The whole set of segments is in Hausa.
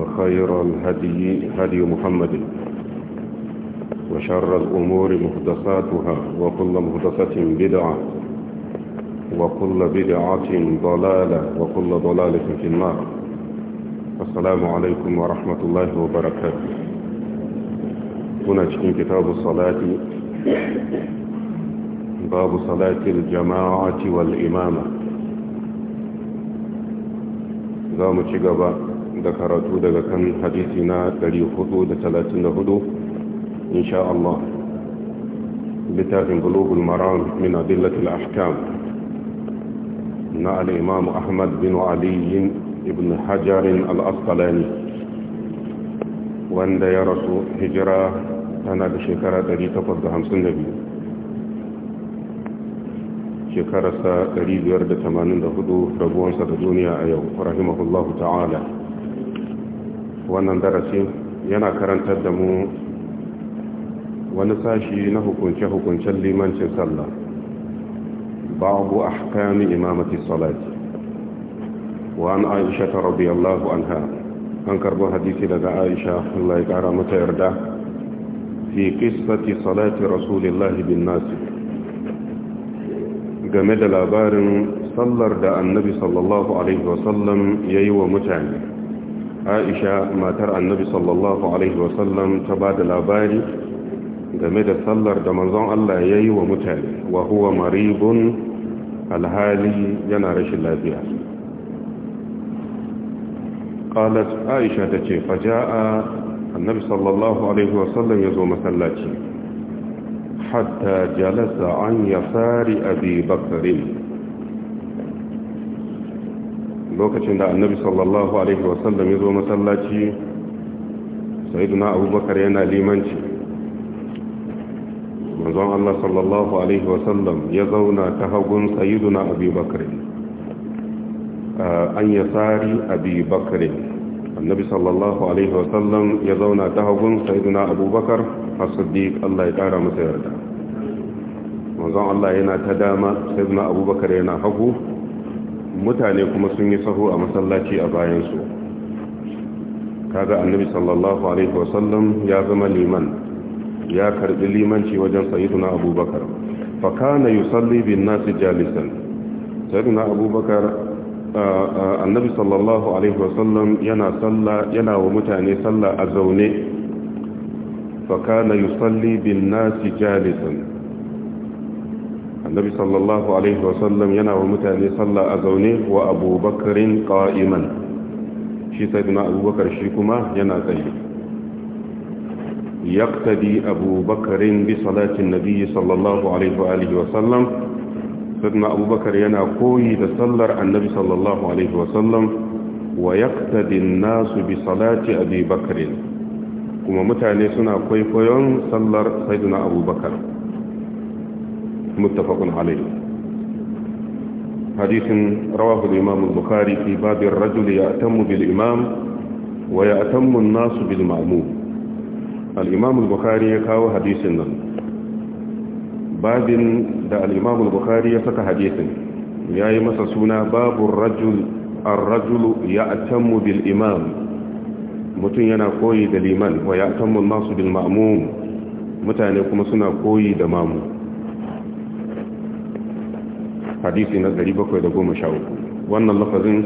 وخير الهدي هدي محمد وشر الأمور مهدساتها وكل مهدسة بدعة وكل بدعة ضلالة وكل ضلالة في النار السلام عليكم ورحمة الله وبركاته هنا تكون كتاب الصلاة باب صلاة الجماعة والإمامة da karatu daga kan hadisi na 434 insha Allah littafin bulugul maram min adillatul ahkam na al-imam Ahmad bin Ali ibn Hajar al-Asqalani wanda ya rasu hijira tana da shekara 852 shekararsa 584 rabuwansa da duniya a yau rahimahullahu ta'ala wannan darasi yana karantar da mu wani sashi na hukunce-hukuncen limancin sallah babu ahkami imamati salati wa an aisha ta radiyallahu anha an karbo hadisi daga aisha Allah ya kara mata yarda fi qissati salati rasulillahi bin nasi game da labarin sallar da annabi sallallahu alaihi wasallam yi wa mutane aisha matar annabi sallallahu alaihi wasallam ta ba da labari game da sallar da manzon Allah ya yi wa mutane wa huwa maribun alhali yana rashin lafiya Ƙalas aisha ta ce faja'a annabi sallallahu alaihi wasallam yazo masallaci hatta jalasa an yasari abi bakrin lokacin da annabi sallallahu alaihi wasallam ya zo masallaci sayyiduna abubakar yana limanci manzon Allah sallallahu alaihi wasallam ya zauna ta hagun sayyiduna abubakar an ya tsari abubakar annabi sallallahu alaihi wasallam ya zauna ta hagun sayyiduna abubakar as-siddiq Allah ya kara masa yarda manzon Allah yana ta dama sayyiduna abubakar yana hagu mutane kuma sun yi saho a masallaci a bayansu kaga annabi sallallahu alaihi wasallam ya zama liman ya karbi limanci wajen sayyiduna abubakar fa kana yusalli bin nasi jalisan sayyiduna abubakar annabi sallallahu alaihi wasallam yana salla yana wa mutane salla a zaune fa kana yusalli bin nasi jalisan annabi sallallahu alaihi wasallam yana wa mutane sallah a zaune wa abubakarin qa'iman shi sayyidina abubakar shi kuma yana tsaye yaqtadi abubakarin bi salatin nabiyyi sallallahu alaihi wa alihi wasallam sayyidina abubakar yana koyi da sallar annabi sallallahu alaihi wasallam wa yaqtadi an-nasu bi salati abubakarin kuma mutane suna kwaikwayon sallar sayyidina abubakar muttafaqun alayh hadisin rawahu al-imam al-bukhari fi bab ar-rajul bil imam wa ya'tamu an-nas bil ma'mum al-imam ya kawo hadisin nan babin da al-imam ya saka hadisin yayi masa suna babu ar-rajul ar bil imam mutum yana koyi da wa ya tammun nasu bil mutane kuma suna koyi da mamu hadisi na 713 wannan lafazin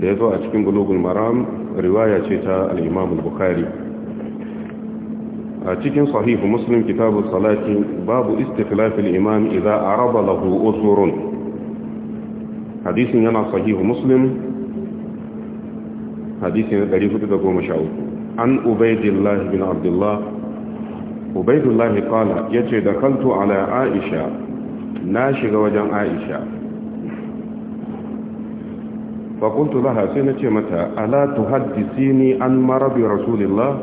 da ya zo a cikin bulugul maram riwaya ce ta al-imam al-bukhari a cikin sahihu muslim kitabu salati babu istiflafil imam idza araba lahu uzrun hadisin yana sahihu muslim hadisi na 413 an ubaidillah bin abdullah ubaidullah qala yace dakaltu ala aisha na shiga wajen aisha fakuntu laha sai na ce mata ala tuhaddisi ni an marabi rasulillah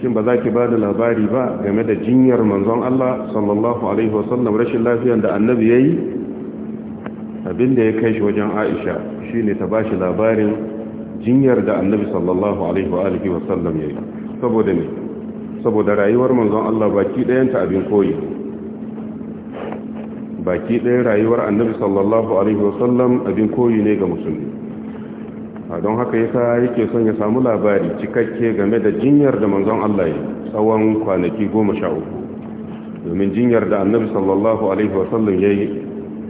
shin ba za ki ba da labari ba game da jinyar manzon Allah sallallahu alaihi wasallam rashin lafiyar da annabi ya yi da ya kai shi wajen aisha shi ne ta ba shi labarin jinyar da annabi sallallahu alaihi wasallam ya yi saboda ne saboda rayuwar manzon Allah baki ɗayanta abin koyi baki ɗaya rayuwar annabi sallallahu alaihi wasallam abin koyi ne ga musulmi a don haka yasa yake son ya samu labari cikakke game da jinyar da manzon Allah ya tsawon kwanaki goma sha uku domin jinyar da annabi sallallahu alaihi wasallam ya yi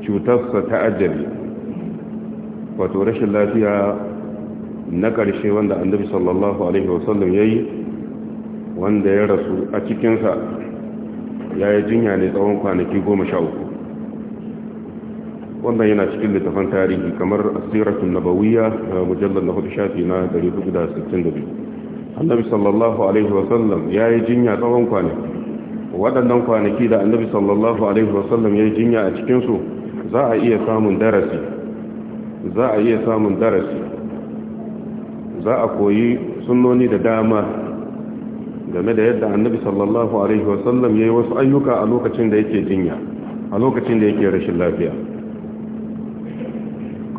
cutarsa ta ajali wato rashin lafiya na ƙarshe wanda annabi sallallahu alaihi wasallam ya yi wanda ya rasu a cikinsa ya yi jinya ne tsawon kwanaki goma sha uku wannan yana cikin littafan tarihi kamar asiratun nabawiyya mujallar na hudu shafi na 462 annabi sallallahu alaihi wasallam ya yi jinya tsawon kwanaki waɗannan kwanaki da annabi sallallahu alaihi wasallam ya yi jinya a cikinsu za a iya samun darasi za a iya samun darasi za a koyi sunnoni da dama game da yadda annabi sallallahu alaihi wasallam ya yi wasu ayyuka a lokacin da yake jinya a lokacin da yake rashin lafiya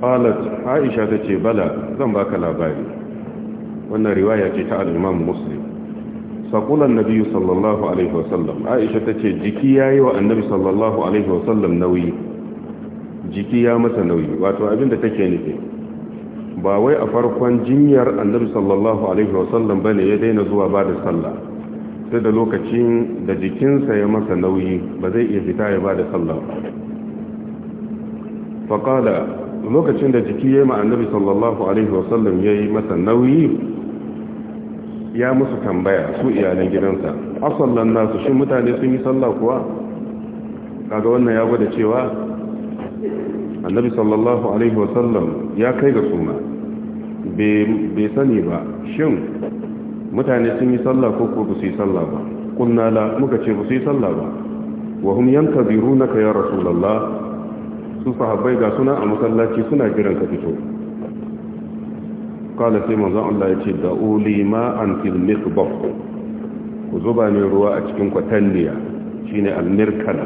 qalat aisha tace bala zan baka labari wannan riwaya ce ta al-imam muslim saqulan nabi sallallahu alaihi wasallam aisha tace jiki yayi wa annabi sallallahu alaihi wasallam nauyi jiki ya masa nauyi wato abinda take nufi ba wai a farkon jinyar annabi sallallahu alaihi wasallam bane ya daina zuwa bada sallah sai da lokacin da jikinsa ya masa nauyi ba zai iya fita ya ba da sallah faqala lokacin da jiki ya yi annabi sallallahu alaihi wasallam ya yi masa nauyi ya musu tambaya su iyalin gidansa asallan nasu shi mutane sun yi sallah kuwa kaga wannan ya gwada cewa annabi sallallahu alaihi wasallam ya kai ga suna bai sani ba shin mutane sun yi sallah ko ko su yi sallah ba kunna la muka ce su yi sallah ba wa hum yankazirunaka ya rasulullah su sahabbai ga suna a masallaci suna jiran ka fito kala sai manzon Allah ya ce da uli ma an fil mikbaf ku zuba ne ruwa a cikin kwatanniya shine almirkala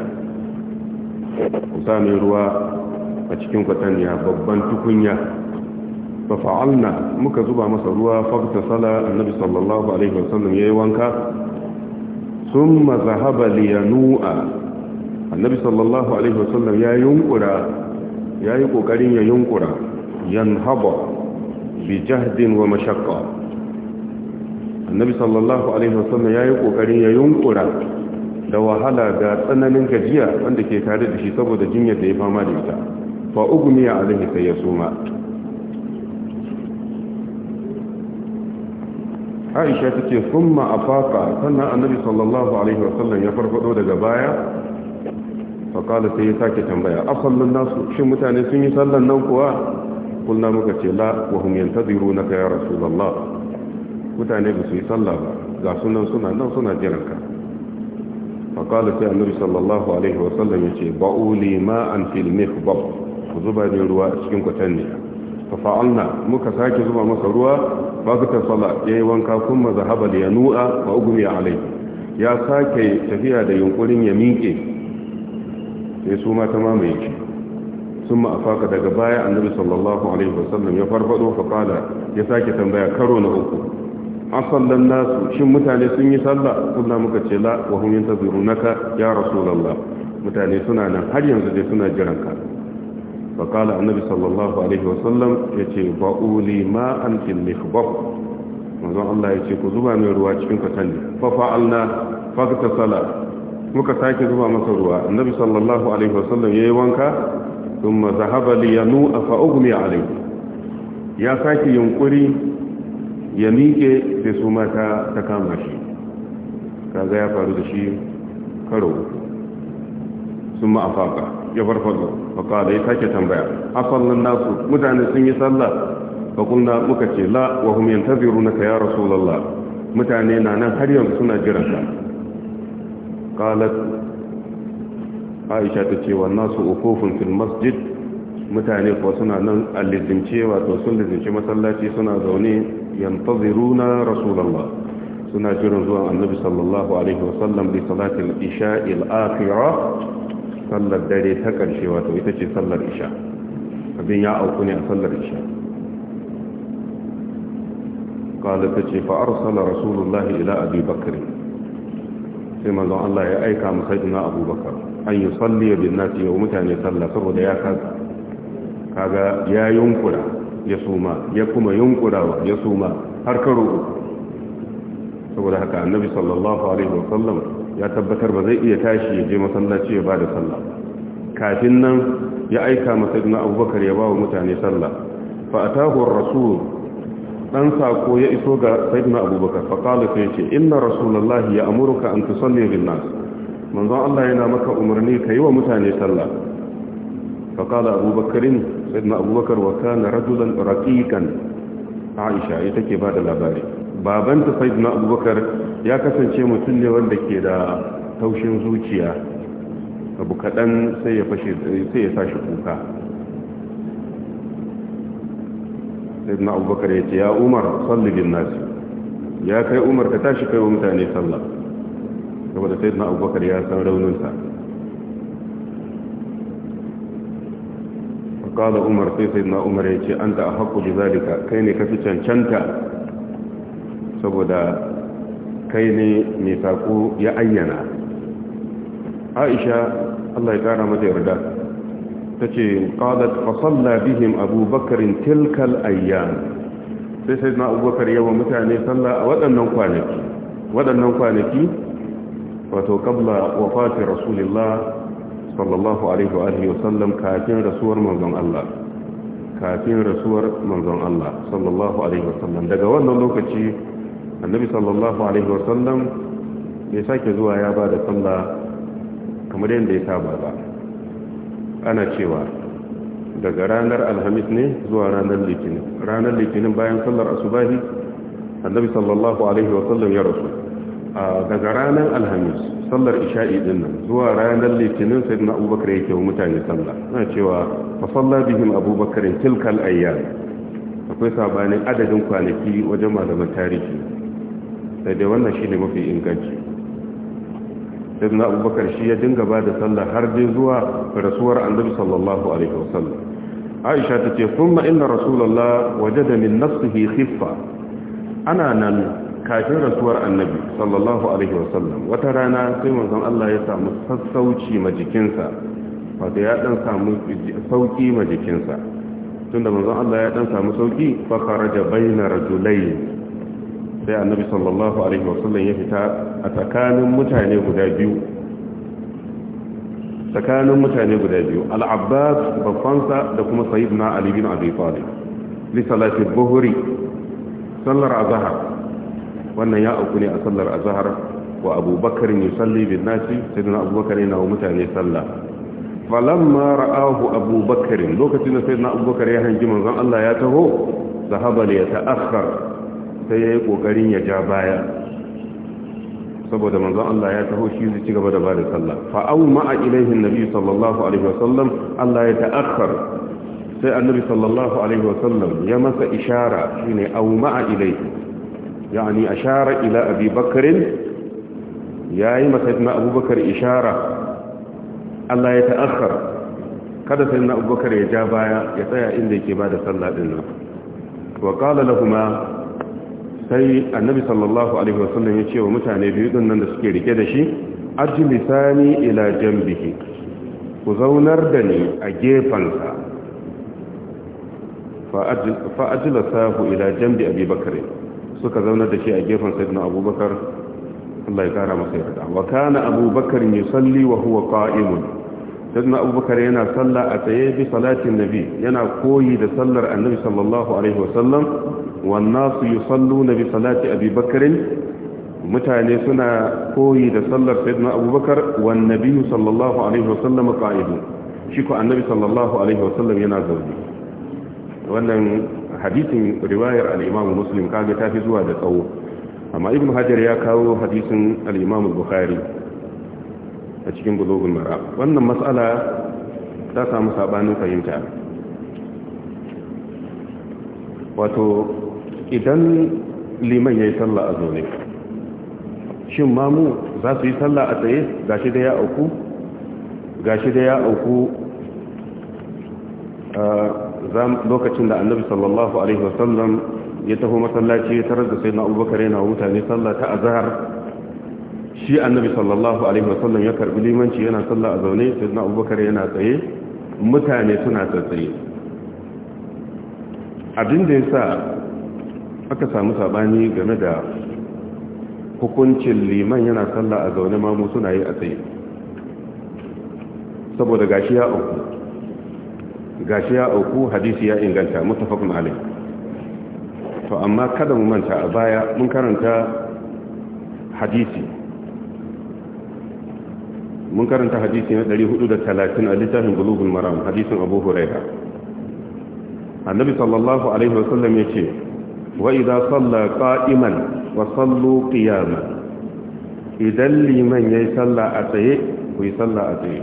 ku sa ne ruwa a cikin kwatanniya babban tukunya fa fa'alna muka zuba masa ruwa fa sala annabi sallallahu alaihi wasallam yayi wanka ثم ذهب لينوء النبي صلى الله عليه ya يا ينقرا ya yi ƙoƙarin ya yunkura yan haba bi jahdin wa mashakka annabi sallallahu alaihi wasallam ya yi ƙoƙarin ya yunkura da wahala da tsananin gajiya wanda ke tare da shi saboda jinyar da ya fama da ita fa ugmiya alaihi sai ya suma aisha ta ce sun ma'afaka sannan annabi sallallahu alaihi wasallam ya farfado daga baya faƙala sai ya sake tambaya a sallon nasu shi mutane sun yi sallan nan kuwa kulna muka ce la wa hum yantaziru na ka ya rasulullah mutane ba su yi sallah ba ga sunan suna nan suna jiranka. ka faƙala sai annabi sallallahu alaihi wa sallam ya ce ba'u li ma'an fil mihbab ku zuba ne ruwa a cikin kwatanni fa fa'alna muka sake zuba masa ruwa ba su ta sala yayi wanka kuma zahaba da yanu'a wa ugmiya alai. ya sake tafiya da yunkurin ya miƙe sai su ma ta mamaye shi sun ma afaka daga baya annabi sallallahu alaihi wasallam ya farfado fa kala ya sake tambaya karo na uku asallan nasu shin mutane sun yi sallah kullum muka ce la wa hum yantazirunaka ya rasulullah mutane suna nan har yanzu dai suna jiran ka fa kala annabi sallallahu alaihi wasallam ya ce ba uli ma an fil mikhbab manzon Allah ya ce ku zuba mai ruwa cikin kwatanni fa fa'alna fa sala muka sake zuba masa ruwa annabi sallallahu alaihi wasallam yayi wanka thumma zahaba li yanu fa ughmi alaihi ya sake yunkuri ya miƙe sai su mata ta kama shi kaga ya faru da shi karo thumma afaqa ya farfado fa kada ya sake tambaya afallan nasu mutane sun yi sallah fa kunna muka ce la wa hum yantazirunaka ya rasulullah mutane na nan har yanzu suna jiran ka qalat aisha ta ce wannan su ukufun fil masjid mutane kuwa suna nan alizimce wato sun lizince masallaci suna zaune yantaziruna rasulullah suna jiran zuwan annabi sallallahu alaihi wasallam li salatil isha al akhirah sallar dare ta karshe wato ita ce sallar isha abin ya auku ne a sallar isha قال تجي فأرسل رسول الله إلى أبي بكر sai manzon Allah ya aika mu sayyidina abubakar an yi salli bin nasi wa mutane sallah saboda ya kasa kaga ya yunkura ya suma ya kuma yunkurawa ya suma har karo saboda haka annabi sallallahu alaihi wa sallam ya tabbatar ba zai iya tashi ya je masallaci ya ba da sallah kafin nan ya aika masa ibn abubakar ya ba wa mutane sallah fa atahu ar-rasul dan sako ya iso ga sayyidina abubakar fa sai ce inna rasulullahi ya amuruka an tusalli bin nas manzon Allah yana maka umarni kai wa mutane sallah fa qala sayyidina abubakar wa kana rajulan raqiqan aisha ita ke bada labari babanta sayyidina abubakar ya kasance mutum ne wanda ke da taushin zuciya abu kadan sai ya fashe sai ya sashi kuka ibn abubakar ya ce ya umar salli bin nasi ya kai umar ka tashi kai wa mutane sallah saboda sai ibn abubakar ya san rauninsa قال Umar sai sai Umar ya ce an ta a anta ahqqu bizalika kai ne kafi cancanta saboda kai ne mai sako ya ayyana Aisha Allah ya kara mata yarda tace qalat fa salla bihim abubakar tilkal ayyam sai sai na abubakar yawa mutane salla a waɗannan kwanaki waɗannan kwanaki wato qabla wafati rasulillah sallallahu alaihi wa alihi wa sallam kafin rasuwar manzon Allah kafin rasuwar manzon Allah sallallahu alaihi wa sallam daga wannan lokaci annabi sallallahu alaihi wa sallam ya sake zuwa ya ba da sallah kamar yadda ya saba ba ana cewa daga ranar alhamis ne zuwa ranar litinin ranar litinin bayan sallar asubahi annabi sallallahu alaihi wasallam ya rasu daga ranar alhamis sallar isha'i din nan zuwa ranar litinin sai na abubakar yake wa mutane sallah ana cewa fa salla bihim abubakar tilkal ayyam akwai sabanin adadin kwanaki wajen malaman tarihi sai dai wannan shine mafi inganci sai na abubakar shi ya dinga ba da sallah har dai zuwa rasuwar annabi sallallahu alaihi wasallam aisha ta ce kuma inna rasulullah wajada min nafsihi khiffa ana nan kafin rasuwar annabi sallallahu alaihi wasallam wata rana sai manzon Allah ya samu sassauci ma jikinsa wato ya dan samu sauki ma jikinsa tunda manzon Allah ya dan samu sauki fa kharaja bayna rajulayn sai annabi sallallahu alaihi wasallam ya fita a tsakanin mutane guda biyu tsakanin mutane guda biyu al-abbas babbansa da kuma sayyidina ali bin abi talib li salati buhri sallar azhar wannan ya auku ne a sallar azhar wa abubakar yusalli bin nasi sayyidina abubakar yana wa mutane sallah falamma ra'ahu abubakar lokacin da sayyidina abubakar ya hangi manzon Allah ya taho sahaba ne ya ta'akhkhar sai ya yi ƙoƙarin ya ja baya saboda manzan Allah ya taho shi zai ci gaba da bada da sallah fa'au ma'a ilaihin nabi sallallahu alaihi wasallam Allah ya ta'akhar sai annabi sallallahu alaihi wasallam ya masa ishara shine au ma'a ilaihi a shara ila abi bakarin yayi masa na abubakar ishara Allah ya ta'akhar kada sai na abubakar ya ja baya ya tsaya inda yake ba da sallah din nan wa qala lahumu sai annabi sallallahu alaihi wasallam ya ce wa mutane biyu din nan da suke rike da shi ajlisani ila jambihi ku zaunar da ni a gefansa fa ajlasahu ila jambi abi bakr suka zaunar da shi a gefan sayyidina abubakar Allah ya kara masa yarda wa kana abubakar yusalli wa huwa qa'imun sayyidina abubakar yana sallah a tsaye bi salatin nabi yana koyi da sallar annabi sallallahu alaihi wasallam Wannasu su yi sallu na bi salati abubakarin mutane suna koyi da sallar sayyidina abubakar wannan biyu sallallahu alaihi wasallam ka'idu shi ko annabi sallallahu alaihi wasallam yana zaune wannan hadisin riwayar al'imam muslim kage ta fi zuwa da tsawo amma ibn hajar ya kawo hadisin al'imam bukhari a cikin bulogun mara wannan matsala ta samu sabanin fahimta wato idan liman ya yi sallah a zaune shin mamu za su yi sallah a tsaye shi da ya auku shi da ya auku lokacin da annabi sallallahu alaihi wasallam ya taho masallaci ya tarar da sai na abubakar yana mutane sallah ta azhar shi annabi sallallahu alaihi wasallam ya karbi limanci yana sallah a zaune sai na abubakar yana tsaye mutane suna tsaye abin da ya sa aka samu sabani game da hukuncin liman yana sallah a zaune mamu suna yi a tsaye saboda gashi ya auku gashi ya auku hadisi ya inganta mutafakun alai to amma kada mu manta a baya mun karanta hadisi mun karanta hadisi na 430 a littafin Gulubun maram hadisin abu huraira annabi sallallahu alaihi wasallam ce. wa'iza idza salla qa'iman wa sallu qiyama idan liman ya yi salla a tsaye ku yi salla a tsaye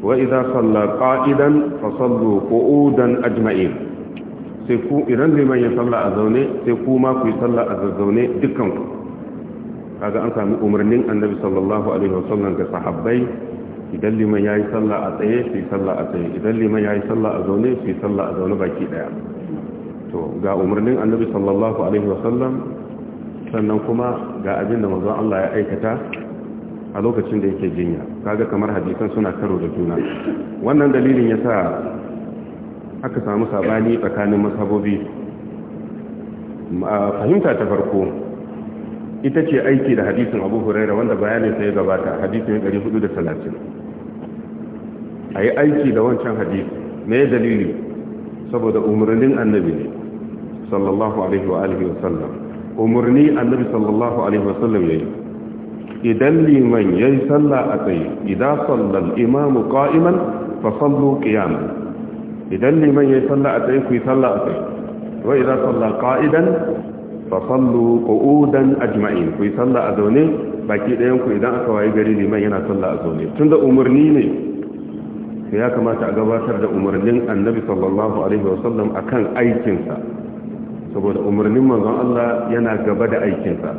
wa'iza idza salla qa'idan fa sallu qu'udan ajma'in sai ku idan liman ya salla a zaune sai ku ma ku yi salla a zaune dukkan kaga an sami umarnin annabi sallallahu alaihi wasallam ga sahabbai idan liman ya yi sallah a tsaye su yi sallah a tsaye idan liman ya yi sallah a zaune su yi sallah a zaune baki daya to ga umarnin annabi sallallahu alaihi wasallam sannan kuma ga abin da manzon Allah ya aikata a lokacin da yake jinya kaga kamar hadisan suna karo da juna wannan dalilin yasa aka samu sabani tsakanin masabobi fahimta ta farko ita ce aiki da hadisin Abu Hurairah wanda bayanin sa ya gabata hadisin 430 ayi aiki da wancan hadisi me dalili saboda umarnin annabi sallallahu alaihi wa alihi wasallam umarni annabi sallallahu alaihi wa sallam yayi idan liman yayi sallah a tsaye idan sallal imamu qa'iman fa sallu qiyaman idan liman yayi sallah a tsaye ku yi sallah a tsaye wa idan salla qa'idan fa sallu qu'udan ajma'in ku yi sallah a zaune baki ɗayan ku idan aka wayi gari liman yana sallah a zaune tunda umarni ne ya kamata a gabatar da umarnin annabi sallallahu alaihi wa wasallam akan aikinsa saboda umarnin manzon Allah yana gaba da aikinsa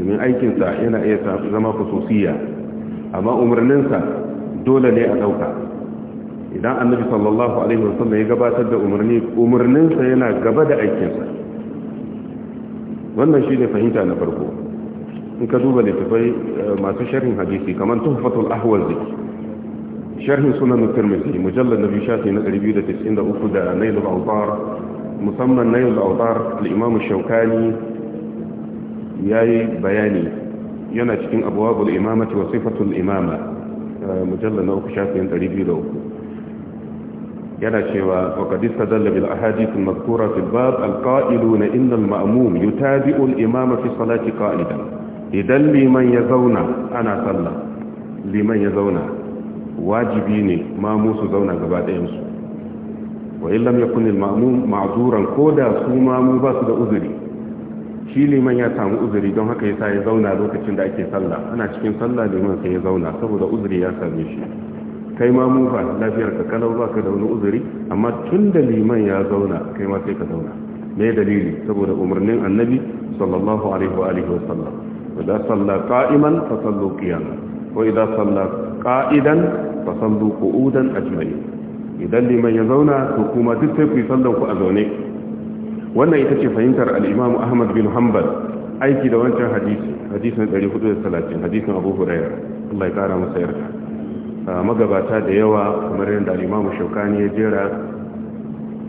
domin aikinsa yana iya zama kususiya amma umarninsa dole ne a ɗauka idan annabi sallallahu alaihi wasallam ya gabatar da umarni umarninsa yana gaba da aikinsa wannan shi ne fahimta na farko in ka duba littafai eh, masu sharhin hadisi kamar tuhfatul ahwazi sharhin sunan tirmidhi mujallar na biyu shafi na 293 da nailul awtar musamman na yau al'adar al'imamu shaukani ya yi bayani yana cikin abuwa ce wa sifatul imama eh, mujalla na uku shafiyan 203 yana cewa wakadista dalla bil ahadithun mazkura fil bab alqa'ilu na innal ma'mum yutabi'u al imama fi salati qa'idan idan liman ya zauna ana sallah liman ya zauna wajibi ne ma musu zauna gaba ɗayansu wa illam yakun al-ma'mum ma'zuran da su ma mu ba su da uzuri shi liman ya samu uzuri don haka yasa ya zauna lokacin da ake sallah ana cikin sallah liman sai ya zauna saboda uzuri ya same shi kai ma mu ba lafiyar ka kalau ba ka da wani uzuri amma tun da liman ya zauna kai ma sai ka zauna me dalili saboda umarnin annabi sallallahu alaihi wa alihi wa sallam idan salla qa'iman fa sallu qiyaman wa idza salla qa'idan fa sallu qu'udan ajma'in idan liman ya zauna to kuma duk sai ku ku a zaune wannan ita ce fahimtar al-Imam Ahmad bin Hanbal aiki da wancan hadisi hadisin 430 hadisin Abu Hurairah Allah ya kara masa yarda magabata da yawa kamar yadda al-Imam Shawkani ya jera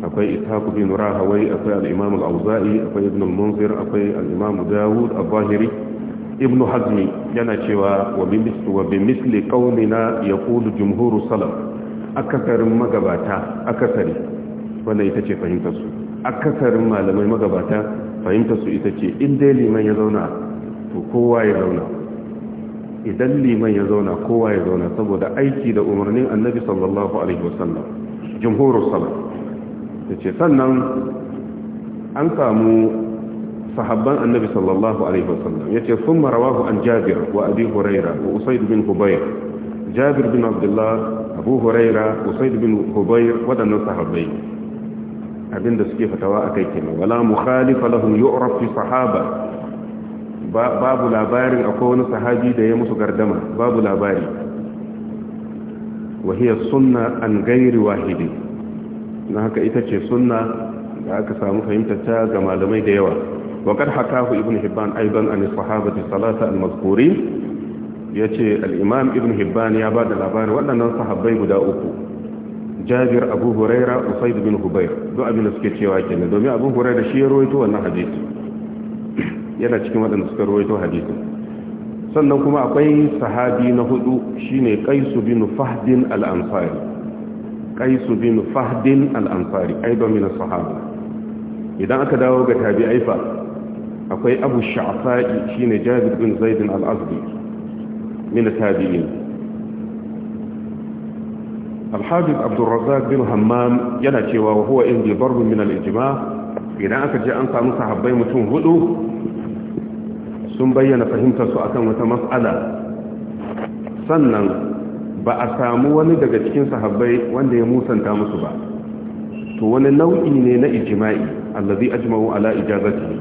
akwai ishaku bin Rahawai akwai al-Imam akwai Ibn al-Munzir akwai al Dawud al-Zahiri ibn hazmi yana cewa wa kaunina ya yaqulu jumhuru salaf akasarin magabata akasari wannan ita ce fahimta fahimtarsu akasarin malamai magabata fahimta su ita ce inda liman ya zauna to kowa ya zauna idan liman ya zauna kowa ya zauna saboda aiki da umarnin annabi sallallahu alaihi wasallam jumhurus salaf yace sannan an samu sahabban annabi sallallahu alaihi wasallam yace thumma rawahu an jabir wa abi huraira wa usayd bin hubayr jabir bin abdullah abu huraira usaid bin hubayr waɗannan sahabbai abinda suke fatawa akai kenan wala mukhalifa lahum yu'raf fi sahaba babu labarin akwai wani sahabi da ya musu gardama babu labari wahiyar sunna an gairi wahidi na haka ita ce sunna da aka samu fahimtata ga malamai da yawa waƙar hakahu ibn hibban aiban an sahabati salata al-mazkuri ya ce al'imam ibn hibban ya ba da labari waɗannan sahabbai guda uku jabir abu huraira usaid bin hubair don abin da suke cewa ke domin abu huraira shi ya rawaito wannan hadisi yana cikin waɗanda suka rawaito hadisi sannan kuma akwai sahabi na hudu shine qaisu bin fahdin al-ansari qaisu bin fahdin al-ansari aidan min sahaba idan aka dawo ga tabi'ai fa akwai abu sha'sa'i shine jabir bin zaid al-azdi من التابعين الحافظ عبد الرزاق yana cewa ينأتي وهو عندي ضرب من idan aka je an samu مصحبين mutum hudu sun bayyana fahimtarsu akan wata matsala sannan ba a samu wani daga cikin sahabbai wanda ya musanta musu ba to wani nau'i ne na ijma'i allazi ajma'u ala ijazati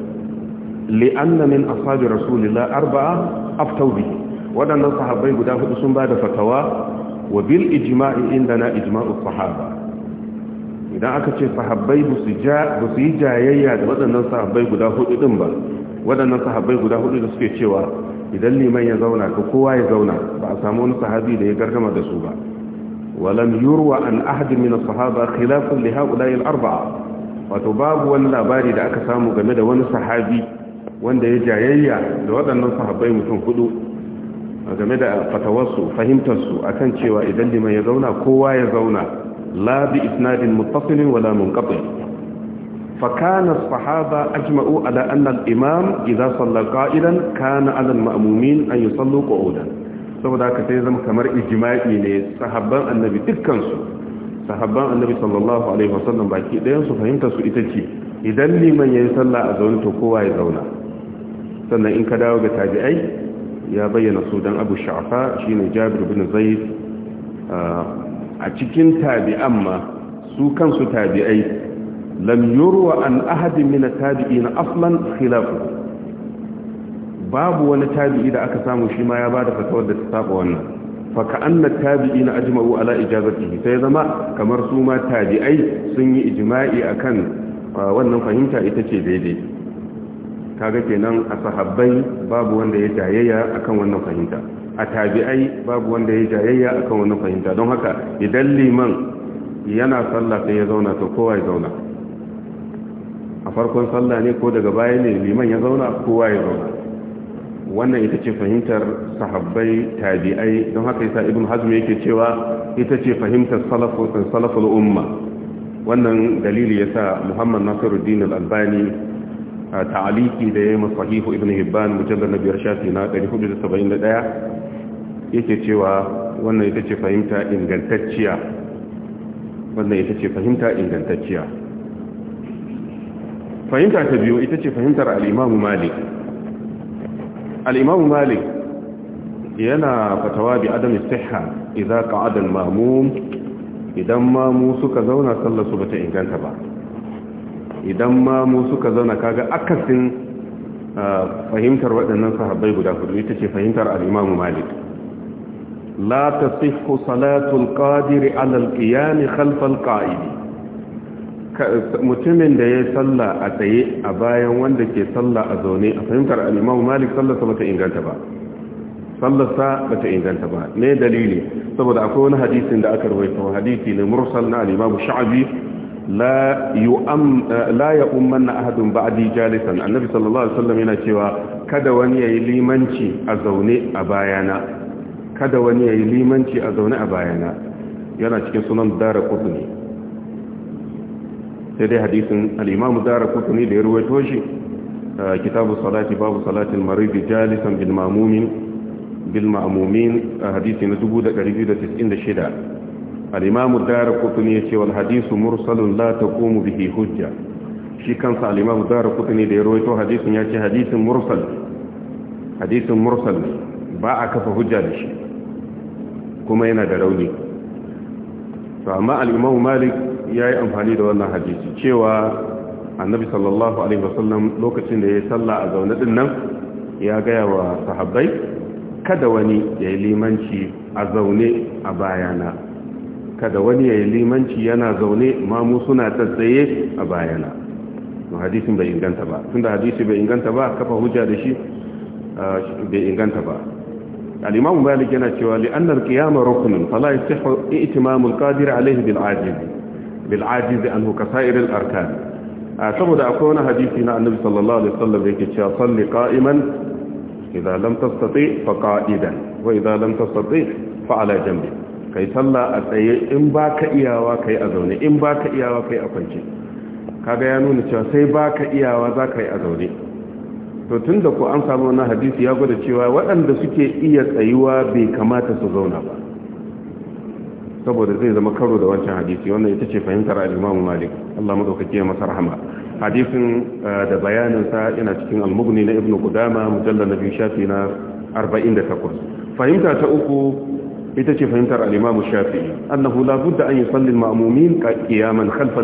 li'anna min ashabi rasulillah arba'a aftawbi waɗannan sahabbai guda hudu sun ba da fatawa wa bil inda na ijma'u sahaba idan aka ce sahabbai ba su yi jayayya da waɗannan sahabbai guda hudu din ba waɗannan sahabbai guda hudu da suke cewa idan liman ya zauna ka kowa ya zauna ba a samu wani sahabi da ya gargama da su ba walam yurwa an ahadi min sahaba khilafun li haula'i al-arba'a wato babu wani labari da aka samu game da wani sahabi wanda ya jayayya da waɗannan sahabbai mutum hudu game da alfatawarsu fahimtarsu a kan cewa idan liman ya zauna kowa ya zauna la bi isnadin muttasilin wala munqati fa kana as-sahaba ajma'u ala anna al-imam idza salla qa'idan kana 'ala al-ma'mumin an yusallu qu'udan saboda haka sai zama kamar ijma'i ne sahabban annabi dukkan su sahabban annabi sallallahu alaihi wasallam baki dayan su fahimta su ita ce idan liman yi sallah a zaune to kowa ya zauna sannan in ka dawo ga tabi'ai ya bayyana su don abu sha'afa shi ne jabir bin zaif a cikin tabi'an ma su kansu tabi'ai lam yurwa an ahadin tabi'i na aflan khilafu babu wani tabi'i da aka samu shi ma ya ba da fatawar da ta saba wannan faka anna tabi'i na ajma'u ala ijazatihi sai zama kamar su ma tabi'ai sun yi ijma'i akan wannan fahimta ita ce daidai kaga kenan a sahabbai babu wanda ya jayayya akan wannan fahimta a tabi'ai babu wanda ya jayayya akan wannan fahimta don haka idan liman yana sallah sai ya zauna to kowa ya zauna a farkon sallah ne ko daga baya ne liman ya zauna kowa ya zauna wannan ita ce fahimtar sahabbai tabi'ai don haka yasa ibn hazm yake cewa ita ce fahimtar salaful umma wannan dalili yasa muhammad nasiruddin al-albani ta'aliki da ya yi sahihu ibn hibban mujallar na biyar shafi na 471 yake cewa wannan ita ce fahimta ingantacciya wannan ita ce fahimta ingantacciya fahimta ta biyu ita ce fahimtar al'imamu malik al'imamu malik yana fatawa bi adam istiha idza qa'ada al-mahmum idan mamu suka zauna sallar su bata inganta ba idan ma mu suka zauna kaga akasin ah, fahimtar waɗannan sahabbai guda hudu ita ce fahimtar al-Imam Malik la tasihhu salatul qadir ala al-qiyam khalf al-qa'id mutumin da ya salla a tsaye a bayan wanda ke salla a zaune a fahimtar al-Imam Malik sallarsa bata inganta ba sallarsa bata inganta ba ne dalili saboda akwai wani hadisin da aka rawaito hadisi ne mursal na al-Imam Sha'bi la ya umman na ahadun ba'adi jalisan annabi sallallahu alaihi wasallam yana cewa kada wani ya yi limanci a zaune a bayana kada wani ya yi limanci a zaune a bayana yana cikin sunan dara kutuni sai dai hadisin al dara kutuni da ya ruwaito shi kitabu salati babu salatin maribi jalisan bil ma'mumin bil ma'mumin hadisi na 2296 al-imam ad-darqutni yace wal hadithu mursalun la taqumu bihi hujja shi kansa al-imam ad-darqutni da ya rawaito ya yace hadithun mursal hadithun mursal ba a kafa hujja da shi kuma yana da rauni to amma al-imam malik yayi amfani da wannan hadisi cewa annabi sallallahu alaihi wasallam lokacin da ya salla a zaune din nan ya gaya wa sahabbai kada wani ya yi limanci a zaune a bayana kada wani ya yi limanci yana zaune mamu suna tsatsaye a bayana hadisin bai inganta ba tun da hadisi bai inganta ba kafa hujja da shi bai inganta ba al'imamu malik yana cewa li'annar kiyama rukunin fala ya sihu itimamul qadir alaihi bil ajiz an ajiz anhu kasairil arkan saboda akwai wani hadisi na annabi sallallahu alaihi wasallam yake cewa salli qa'iman idza lam tastati fa qa'idan wa idza lam tastati fa ala janbi kai sallah a tsaye in ba ka iyawa kai a zaune in ba ka iyawa kai a kwance kaga ya nuna cewa sai ba ka iyawa za ka yi a zaune to tun da ku an samu wannan hadisi ya gwada cewa waɗanda suke iya tsayuwa bai kamata su zauna ba saboda zai zama karo da wancan hadisi wannan ita ce fahimtar al Malik Allah madaukake ya masa rahama hadisin eh, da bayanin sa yana cikin al-Mughni na Ibn mujallar mujallal biyu shafi na 48 fahimta ta uku ita ce fahimtar al shafi'i annahu la budda an yi sallin ma'amumin qiyaman khalf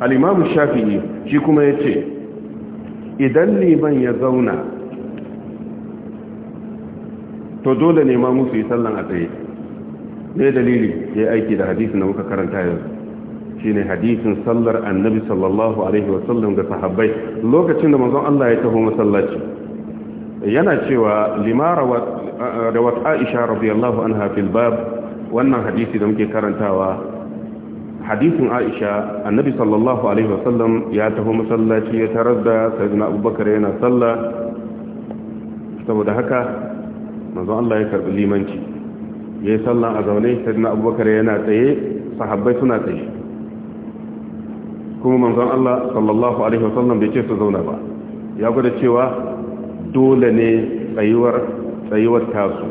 al-imam al shafi'i shi kuma ya ce idan liman ya zauna to dole ne ma musu yi sallan a tsaye ne dalili ya yi aiki da hadisin da muka karanta yanzu shine hadisin sallar annabi sallallahu alaihi wasallam da sahabbai lokacin da manzon Allah ya taho masallaci yana cewa limarawa da rawat Aisha radiyallahu anha fil bab wannan hadisi da muke karantawa hadisin Aisha annabi sallallahu alaihi wasallam ya taho masallaci ya tarar da sayyidina Abubakar yana sallah saboda haka manzo Allah ya karbi limanci yayi sallah a zaune sayyidina Abubakar yana tsaye sahabbai suna tsaye kuma manzon Allah sallallahu alaihi wasallam bai ce su zauna ba ya gwada cewa dole ne tsayuwar tsayuwar tasu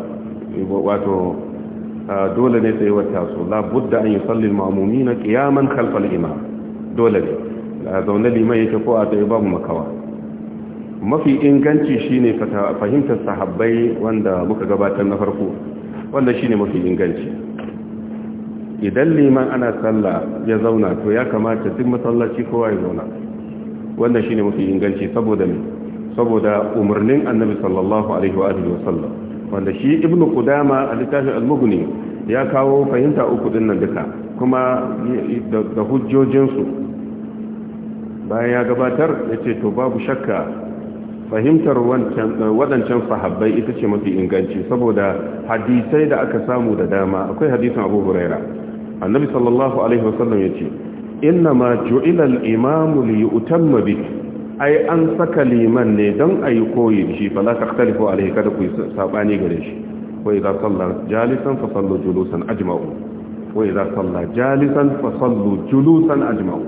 wato dole ne tsayuwar tasu labudda an yi sallin mamumi na kiyaman kalfal imam dole ne a zaune liman yake ko a tsaye babu makawa mafi inganci shine fahimtar sahabbai wanda muka gabatar na farko wanda shine mafi inganci idan liman ana sallah ya zauna to ya kamata duk masallaci kowa ya zauna wannan shine mafi inganci saboda ne saboda umarnin annabi sallallahu alaihi wa alihi wasallam wanda shi ibnu kudama a littafin al-mughni ya kawo fahimta uku din nan duka kuma da hujjojin su bayan ya gabatar yace to babu shakka fahimtar wadancan sahabbai ita ce mafi inganci saboda hadisai da aka samu da dama akwai hadisin Abu Huraira annabi sallallahu alaihi wasallam yace inna ma ju'ila al-imamu li yutamma bihi ai an saka liman ne don a yi koyi da shi fala ta ƙarfi alai kada ku yi saɓani gare shi wai za salla jalisan fa julusan ajimau wai za salla jalisan fa julusan ajma'u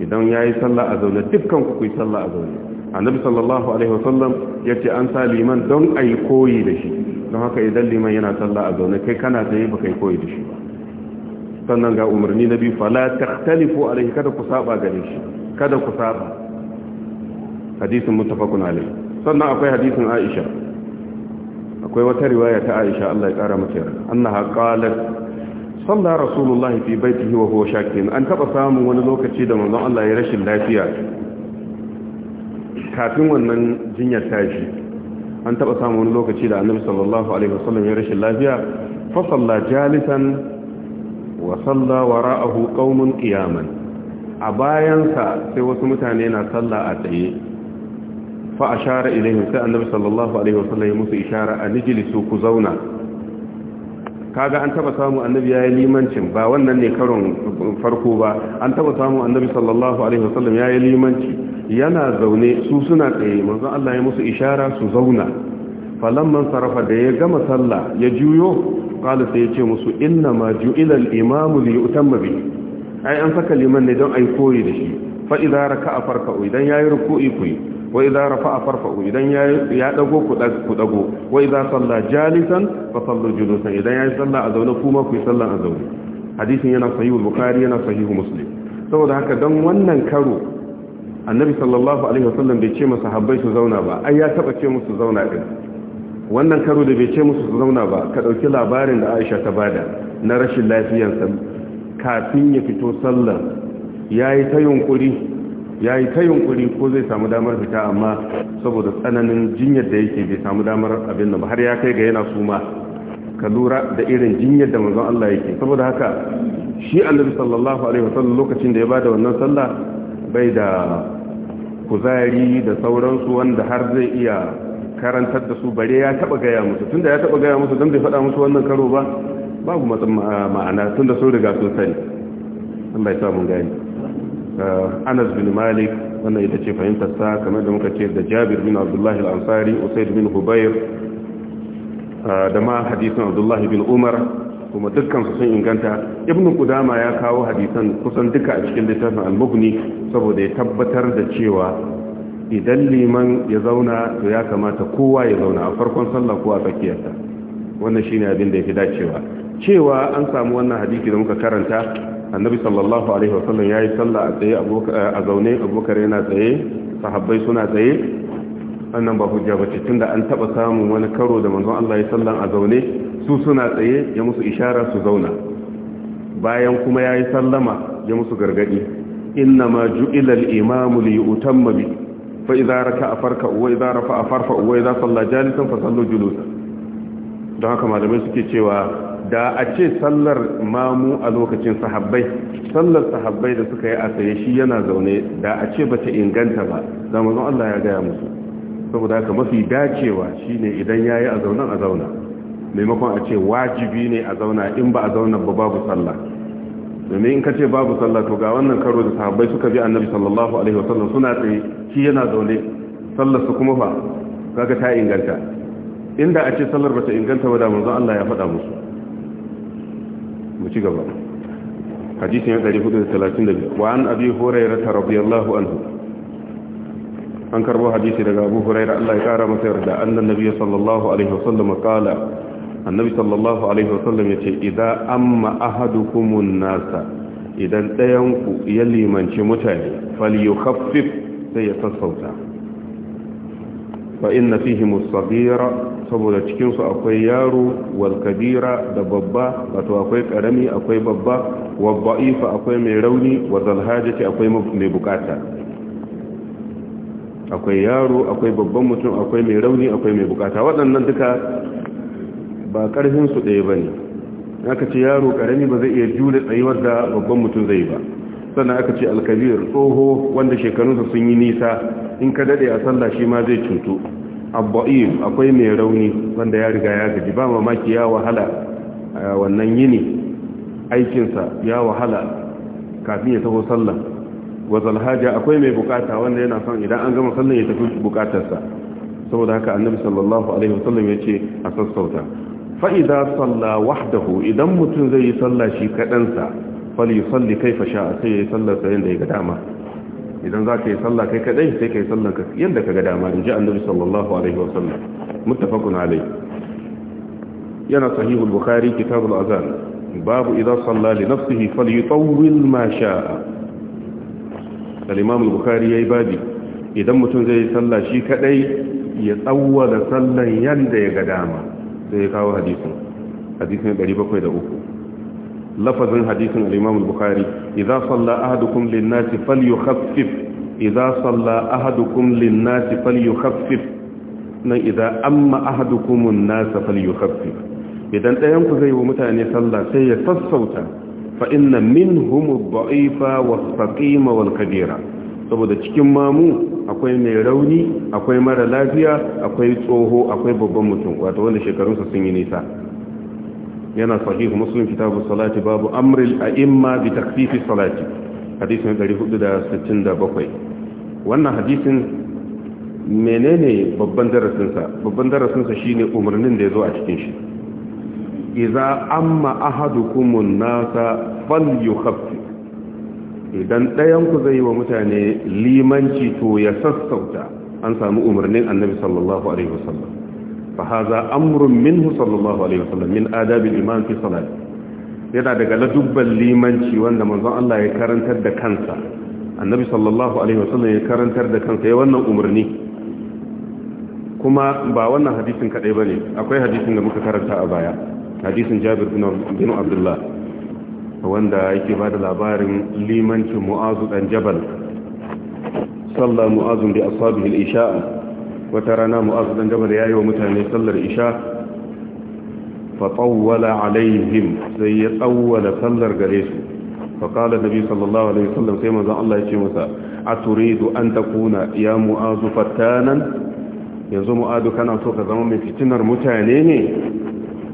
idan ya yi salla a zaune dukkan ku yi salla a zaune annabi sallallahu alaihi wasallam ya ce an sa liman don a yi koyi da shi don haka idan liman yana salla a zaune kai kana tsaye ba kai koyi da shi ba sannan ga umarni na biyu fala ta ƙarfi alai kada ku saɓa gare shi kada ku saba hadisin muttafaqun alayhi sannan akwai hadisin Aisha akwai wata riwaya ta Aisha Allah ya kara mata yarda annaha qalat salla rasulullah fi baitihi wa huwa shakin an taba samun wani lokaci da manzon Allah ya rashin lafiya kafin wannan jinyar tashi an taba samun wani lokaci da annabi sallallahu alaihi wasallam ya rashin lafiya fa salla jalisan wa salla wara'ahu qaumun qiyaman a bayansa sai wasu mutane na sallah a tsaye fa ashara ilaihim sai annabi sallallahu alaihi wasallam ya musu ishara a nijlisu ku zauna kaga an taba samu annabi yayi limancin ba wannan ne karon farko ba an taba samu annabi sallallahu alaihi wasallam yayi limanci yana zaune su suna tsaye manzon Allah ya musu ishara su zauna falamman sarafa da ya gama sallah ya juyo qala sai ya ce musu inna ma ju'ila al-imam li yutamma bi ai an saka liman ne don ai koyi da shi fa idza raka'a farka'u idan yayi ruku'i kuyi wa idza rafa'a farfa'u idan ya dago ku dago wa idza salla jalisan fa sallu julusan idan ya yi salla a zaune kuma ku yi salla a zaune hadisin yana sahihu bukhari yana sahihu muslim saboda haka dan wannan karo annabi sallallahu alaihi wasallam bai ce masa habbai su zauna ba ai ya taba ce musu zauna din wannan karo da bai ce musu su zauna ba ka dauki labarin da Aisha ta bada na rashin lafiyarsa kafin ya fito sallah yayi ta yunkuri ya yi ta yunkuri ko zai samu damar fita amma saboda tsananin jinyar da yake bai samu damar abin da ba har ya kai ga yana suma ka lura da irin jinyar da manzon Allah yake saboda haka shi annabi sallallahu alaihi wasallam lokacin da ya bada wannan sallah bai da kuzari da sauransu wanda har zai iya karantar da su bare ya taba gaya musu tunda ya taba gaya musu dan bai faɗa musu wannan karo ba babu ma'ana tunda sun riga sun sani Allah ya sa gani anas bin malik wannan ita ce fahimtar sa kamar da muka ce da jabir bin abdullahi al-ansari usaid bin hubayr da ma hadisin abdullahi bin umar kuma dukkansu sun inganta ibn kudama ya kawo hadisan kusan duka a cikin littafin al-mughni saboda ya tabbatar da cewa idan liman ya zauna to ya kamata kowa ya zauna a farkon sallah ko a tsakiyarta wannan shine abin da fi dacewa cewa an samu wannan hadisi da muka karanta annabi sallallahu alaihi wasallam ya yi sallah a tsaye eh, a zaune abubakar yana tsaye sahabbai suna tsaye annan ba hujja ba ce tunda an taba samun wani karo da manzon Allah ya sallan a zaune su suna tsaye ya musu ishara su zauna bayan kuma ya yi sallama ya musu gargadi inna ma ju'ila al-imamu li yutamma bi fa idza raka'a farka wa idza rafa'a farfa wa idza salla jalisan fa sallu julusan don haka malamai suke cewa da a ce sallar mamu a lokacin sahabbai sallar sahabbai da suka yi a tsaye shi yana zaune da a ce bata inganta ba da mazan Allah ya gaya musu saboda haka mafi dacewa shine idan ya yi a zaunan a zauna maimakon a ce wajibi ne a zauna in ba a zauna ba babu sallah domin in ka ce babu sallah to ga wannan karo da sahabbai suka bi annabi sallallahu alaihi wasallam suna tsaye shi yana zaune sallar su kuma fa kaga ta inganta inda a ce sallar bata inganta ba da manzon Allah ya faɗa musu mu ci gaba hadisin ya biyu wa an abi hurairah radiyallahu anhu an karbo hadisi daga abu hurairah Allah ya kara masa yarda annan nabi sallallahu alaihi wasallam kala annabi sallallahu alaihi wasallam yace idza amma ahadukumun nasa idan ɗayan ku ya limanci mutane falyukhaffif sai ya sassauta fa na fi as-saghira saboda cikinsu akwai yaro wal kabira da babba wato akwai karami akwai babba wa da'ifa akwai mai rauni wa zal hajati akwai mai bukata akwai yaro akwai babban mutum akwai mai rauni akwai mai bukata waɗannan duka ba ɗaya ba ne bane aka ce yaro karami ba zai iya jure tsayuwar da babban mutum zai ba sannan aka ce alkabir tsoho wanda shekarunsa sun yi nisa in ka dade a sallah shi ma zai cutu abba'im akwai mai rauni wanda ya riga ya gaji ba mamaki ya wahala a wannan yini aikinsa ya wahala kafin ya taho sallah wazal haja akwai mai bukata wanda yana son idan an gama sallan ya tafi bukatarsa saboda haka annabi sallallahu alaihi wasallam ya ce a sassauta fa'ida salla wahdahu idan mutum zai yi sallah kaɗansa fali kai kaifa a sai yayi sallar sa yadda ya ga dama idan za ka yi sallah kai kadai sai ka yi sallah ka yadda ka ga dama in ji annabi sallallahu alaihi wasallam muttafaqun alai yana sahihu al-bukhari kitab al-azan babu idza salla li nafsihi falyutawwil ma sha'a al-imam al-bukhari yayi babi idan mutum zai yi sallah shi kadai ya tsawwala sallan yanda ya ga dama sai ya kawo hadisin hadisin 703 lafazin hadisin al-imam al-bukhari idza salla ahadukum lin-nasi falyukhaffif idza salla ahadukum lin-nasi falyukhaffif nan idza amma ahadukum an-nasa falyukhaffif idan ɗayan ku zai yi mutane sallah sai ya sassauta fa inna minhum ad-da'ifa was-saqima wal-kabira saboda cikin mamu akwai mai rauni akwai mara lafiya akwai tsoho akwai babban mutum wato wanda shekarunsa sun yi nisa yana sahihu muslim kitabu salati babu amril a'imma bi takfifi salati hadisin 467 wannan hadisin menene babban darasinsa babban darasinsa shine umarnin da ya zo a cikin shi idza amma ahadukumun nasa falyukhaffi idan ɗayanku ku zai wa mutane limanci to ya sassauta an samu umarnin annabi sallallahu alaihi wasallam fa haza amrun minhu sallallahu alaihi wasallam min adabil iman fi salati yana daga ladubban limanci wanda manzon Allah ya karantar da kansa annabi sallallahu alaihi wasallam ya karantar da kansa ya wannan umarni kuma ba wannan hadisin kadai bane akwai hadisin da muka karanta a baya hadisin Jabir bin Abdullah wanda yake ba da labarin limancin Mu'azu dan Jabal sallallahu Mu'azu bi ashabihi al-isha'a wata rana mu'azu dan jabal yayi wa mutane sallar isha fa tawwala alaihim sai ya tsawwala sallar gare su fa qala nabi sallallahu alaihi wasallam sai manzon Allah ya ce masa aturidu an takuna ya mu'azu fatanan yanzu mu'azu kana so ka zama mai fitinar mutane ne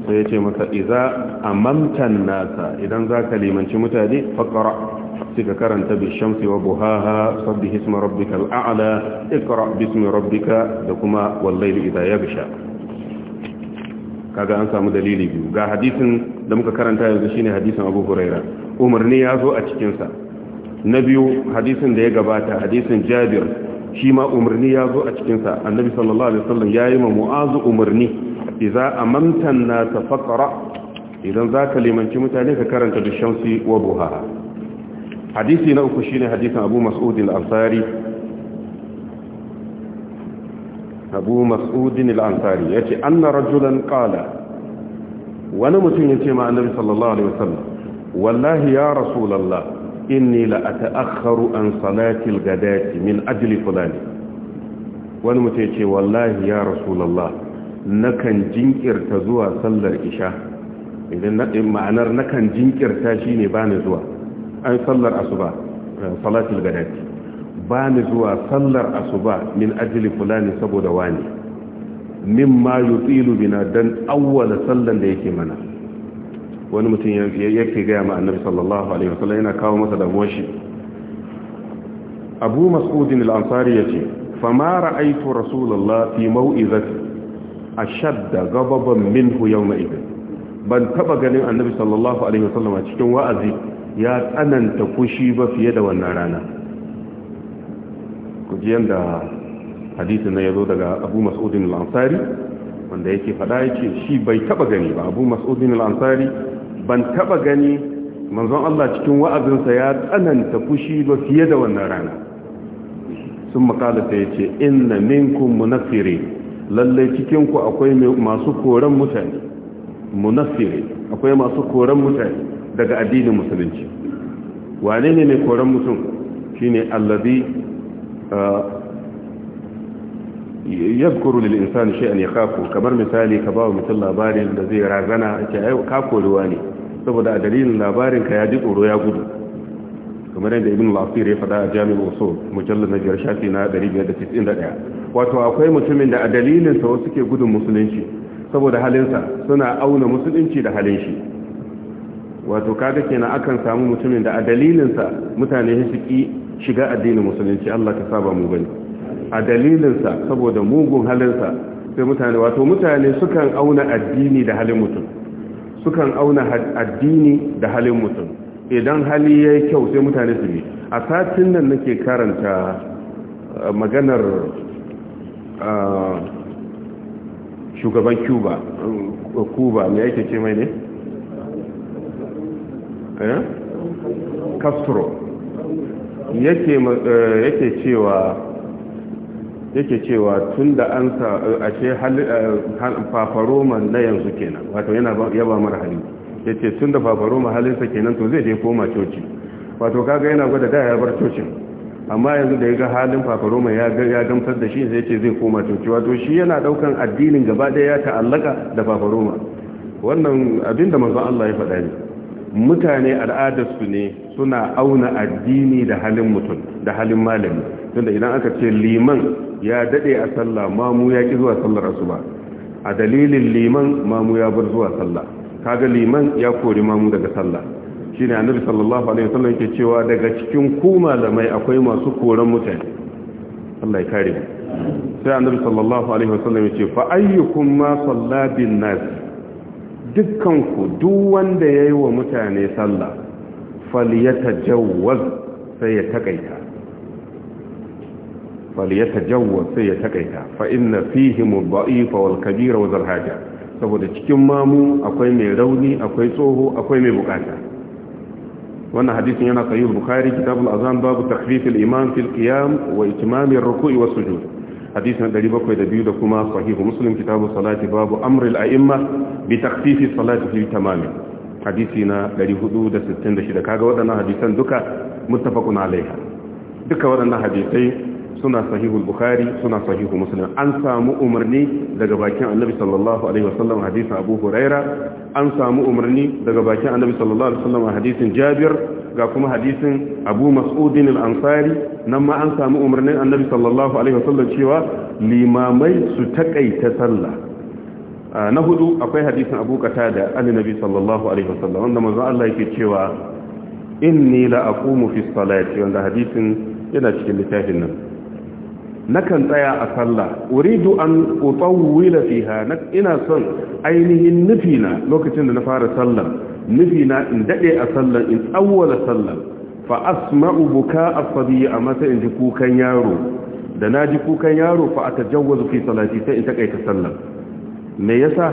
sai ya ce masa iza amamtan nasa idan zaka limanci mutane faqra sai ka karanta bi shamsi wa buhaha sabbi hisma rabbika al'ala ikra bismi rabbika da kuma wallahi idha yaghsha kaga an samu dalili biyu ga hadisin da muka karanta yanzu shine hadisin Abu Huraira umarni ya zo a cikin sa na biyu hadisin da ya gabata hadisin Jabir shi ma umarni ya zo a cikinsa annabi sallallahu alaihi wasallam ya yi ma mu'azu umarni idza amantan na tafaqra idan zaka limanci mutane ka karanta bishamsi wa buhaha hadisi na uku shine hadisin abu mas'ud al-ansari abu mas'ud al-ansari yace anna rajulan qala wani mutum yace ma annabi sallallahu alaihi wasallam wallahi ya rasulullah inni la ata'akhkharu an salati al-ghadati min ajli fulani wani mutum yace wallahi ya rasulullah nakan jinkirta zuwa sallar isha idan ma'anar nakan jinkirta shine bani zuwa an sallar asuba eh, salatul gadati ba ni zuwa sallar asuba min ajli fulani saboda wani mimma yutilu bina dan awwala sallan da yake mana wani mutum yake gaya ma annabi sallallahu alaihi wasallam yana kawo masa damuwar shi abu mas'udin al-ansari yace fama ra'aytu rasulullah fi mau'izati ashadda gababan minhu yawma idin ban taba ganin annabi sallallahu alaihi wasallam a cikin wa'azi ya tsananta kushi ba fiye da wannan rana ku ji yadda hadisi na ya zo daga abu mas'udin al'ansari wanda yake fada ya ce shi bai taba gani ba abu mas'udin al'ansari ban taba gani manzon Allah cikin wa'azinsa ya tsananta kushi ba fiye da wannan rana sun makalata ya ce inna minkum munafire lallai cikinku akwai masu koren mutane munafire akwai masu koren mutane daga addinin musulunci wane ne mai koran mutum shine allazi zukuru lil insani ya kafo kamar misali ka wa mutum labarin da zai razana ake aiwa kafo ruwa ne saboda a dalilin labarin ka ya ji tsoro ya gudu kamar yadda ibn lasir ya faɗa a jami'in wasu mujallar na biyar shafi na 591 wato akwai mutumin da a dalilinsa wasu ke gudun musulunci saboda halinsa suna auna musulunci da halin shi wato kaga kenan akan samu mutumin da a dalilinsa mutane su ki shiga addinin musulunci Allah ka saba mu bane a dalilinsa saboda mugun halinsa sai mutane wato mutane sukan auna addini da halin mutum sukan auna addini da halin mutum idan hali yayi kyau sai mutane su bi a satin nan nake karanta uh, maganar uh, shugaban Cuba uh, Cuba me yake ce mai ne Eh? castro eh, yake cewa yake cewa tun da an sa ce eh, fafaroma na yanzu kenan wato yana yaba mara hali ya ce tun da fafaroma halinsa kenan to zai je koma coci wato kaga yana gwada da ya bar cocin amma yanzu da ya ga halin fafaroma ya gamsar da shi zai ce zai koma coci wato shi yana daukan addinin gaba daya ya ta'allaka da fafaroma wannan abinda manzon Allah ya faɗa ne mutane al'adarsu ne suna auna addini da halin mutum da halin malami tunda idan aka ce liman ya dade a sallah mamu ya ki zuwa sallar asuba a dalilin liman mamu ya bar zuwa sallah kaga liman ya kori mamu daga sallah shine annabi sallallahu alaihi wasallam yake cewa daga cikin ku malamai akwai masu koran mutane Allah ya kare sai annabi sallallahu alaihi wasallam yake fa ayyukum ma salla nasi. nas dukkanku duk wanda ya yi wa mutane sallah faliyata jawwaz sai ya takaita faliyata jawwaz sai ya takaita fa inna fihim dha'ifa wal kabira wa zarhaja saboda cikin mamu akwai mai rauni akwai tsoho akwai mai bukata wannan hadisin yana sahih bukari kitab al-azan babu takhfif iman fil wa itimamin ruku'i wasu wa na hadisin 702 da kuma sahihu muslim kitabu salati babu amril a'imma bi takhfifi salati fi tamami hadisi na 466 kaga waɗannan hadisan duka muttafaqun alaiha duka waɗannan hadisai suna sahihul bukhari suna sahihu muslim an samu umarni daga bakin annabi sallallahu alaihi wasallam hadisin abu huraira an samu umarni daga bakin annabi sallallahu alaihi wasallam hadisin jabir ga kuma hadisin abu mas'udin al-ansari nan ma an samu umarnin annabi sallallahu alaihi wasallam cewa limamai su takaita sallah na hudu akwai hadisin abu qatada annabi sallallahu alaihi wasallam wanda manzo Allah yake cewa inni la aqumu fi salati wanda hadisin yana cikin littafin nan nakan tsaya a sallah uridu an utawwila fiha ina son ainihin nufina lokacin da na fara sallah nufina in dade a sallah in tsawwala sallah fa asma'u buka asabi sabi amma sai in ji kukan yaro da ji kukan yaro fa atajawwazu fi salati sai in takaita sallah me yasa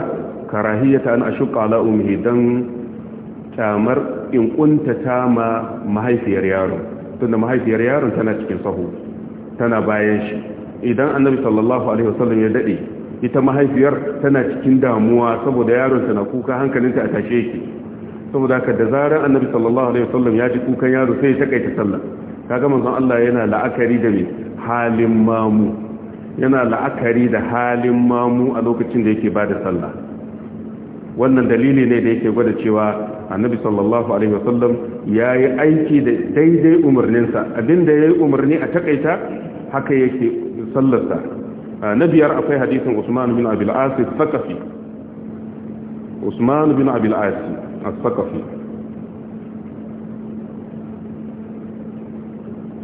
karahiyata an ashqa ala ummi dan kyamar in kuntata ma mahaifiyar yaro tunda mahaifiyar yaron tana cikin sahu tana bayan shi idan annabi sallallahu alaihi wasallam ya dade ita mahaifiyar tana cikin damuwa saboda yaronta na kuka hankalinta a tashe yake saboda haka da zarar annabi sallallahu alaihi wasallam ya ji kukan yaro sai ya takaita sallah kaga manzon Allah yana la'akari da me halin mamu yana la'akari da halin mamu a lokacin da yake bada sallah wannan dalili ne da yake gwada cewa annabi sallallahu alaihi wasallam ya yi aiki da daidai umarninsa abinda ya yi umarni a takaita haka yake sallarsa na biyar akwai hadisin usman bin abil asif sakafi usman bin abil asif sakafi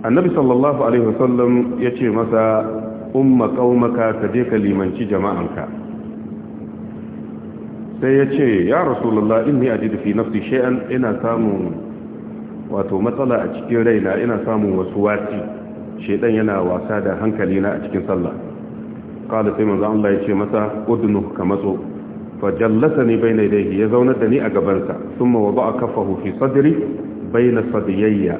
annabi sallallahu alaihi wasallam ya ce masa umma qaumaka taje ka limanci jama'anka sai ya ce ya rasulullah inni ajidu fi nafsi shay'an ina samun wato matsala a cikin raina ina samun wasu wasi shedan yana wasa da hankali na a cikin sallah Kada sai manzo Allah ya ce masa udnu ka matso fajallasani baina yadayhi ya zauna da ni a Sun sa thumma wada'a kaffahu fi sadri baina sadiyayya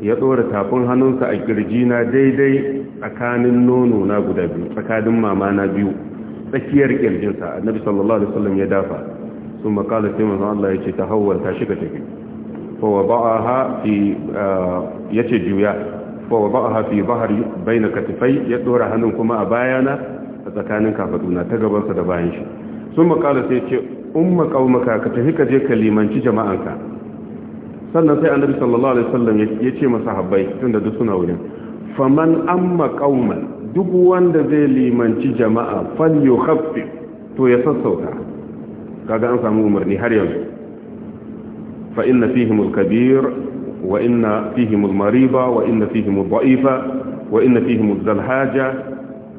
ya dora tafin hannunsa a kirji na daidai tsakanin nono na guda biyu tsakanin mama na biyu tsakiyar kirjinsa annabi sallallahu alaihi wasallam ya dafa sun makala sai manzon Allah ya ce ta hawwal ta shiga tafi fa wa ba'aha fi ah, yace juya fa wa ba'aha fi bahri baina katifai ya dora hannun kuma a bayana a tsakanin kafaduna ta gabansa da bayan shi sun makala sai ce umma qaumaka ka tafi ka je kalimanci jama'anka sannan sai annabi sallallahu alaihi wasallam ya ce masa masahabbai tunda duk suna wurin faman amma qauman duk wanda zai limanci jama'a fal yukhaffi to ya sassauta kaga an samu umarni har yanzu fa inna fihim al-kabir wa inna fihim al-mariba wa inna fihim al-da'ifa wa inna fihim al-zalhaja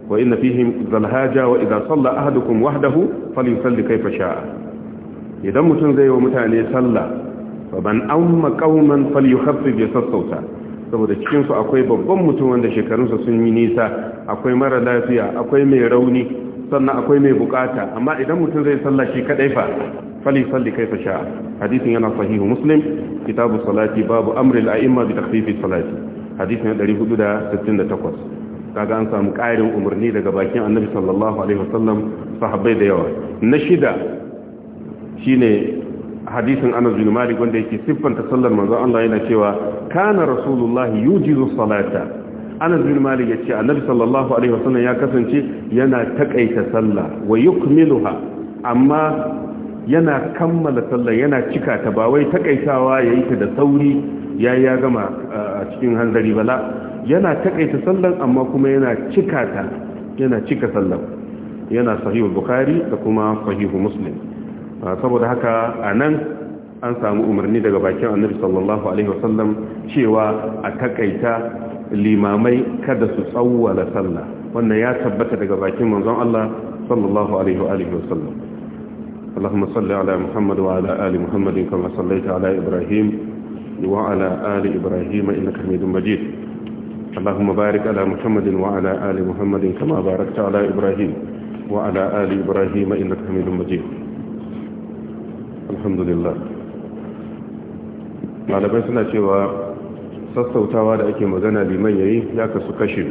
wa inna fihim al-zalhaja wa idha salla ahadukum wahdahu falyusalli kayfa sha'a idan mutum zai yi wa mutane sallah fa ban amma qauman falyukhaffif ya sassauta saboda cikinsu akwai babban mutum wanda shekarunsa sun yi nisa akwai mara lafiya akwai mai rauni sannan akwai mai bukata amma idan mutum zai salla shi kadai fa fali salli kaifa sha hadisin yana sahihu muslim kitabu salati babu amri al-a'imma bi takhfifi salati hadisin 468 kaga an samu ƙarin umarni daga bakin annabi sallallahu alaihi wasallam sahabbai da yawa na shida shine hadisin anas bin malik wanda yake siffanta sallar manzon Allah yana cewa kana rasulullahi yujizu salata anas bin malik yace annabi sallallahu alaihi wasallam ya kasance yana takaita sallah wa yukmiluha amma yana kammala sallah yana cika ta ba wai takaitawa yayi ta da sauri ya ya gama a cikin hanzari bala yana takaita sallan amma kuma yana cika ta yana cika sallan yana bukhari da kuma sahihu muslim Ah, saboda haka a nan an samu umarni daga bakin annabi sallallahu alaihi wasallam cewa a takaita limamai kada su tsawwala sallah wannan ya tabbata daga bakin manzon Allah sallallahu alaihi wa alihi wasallam اللهم صل على محمد وعلى آل محمد كما صليت على إبراهيم وعلى آل إبراهيم إنك حميد مجيد اللهم بارك على محمد وعلى آل محمد كما باركت على إبراهيم وعلى آل إبراهيم إنك حميد مجيد alhamdulillah malamai suna cewa sassautawa da ake magana liman yayi ya kasu kashe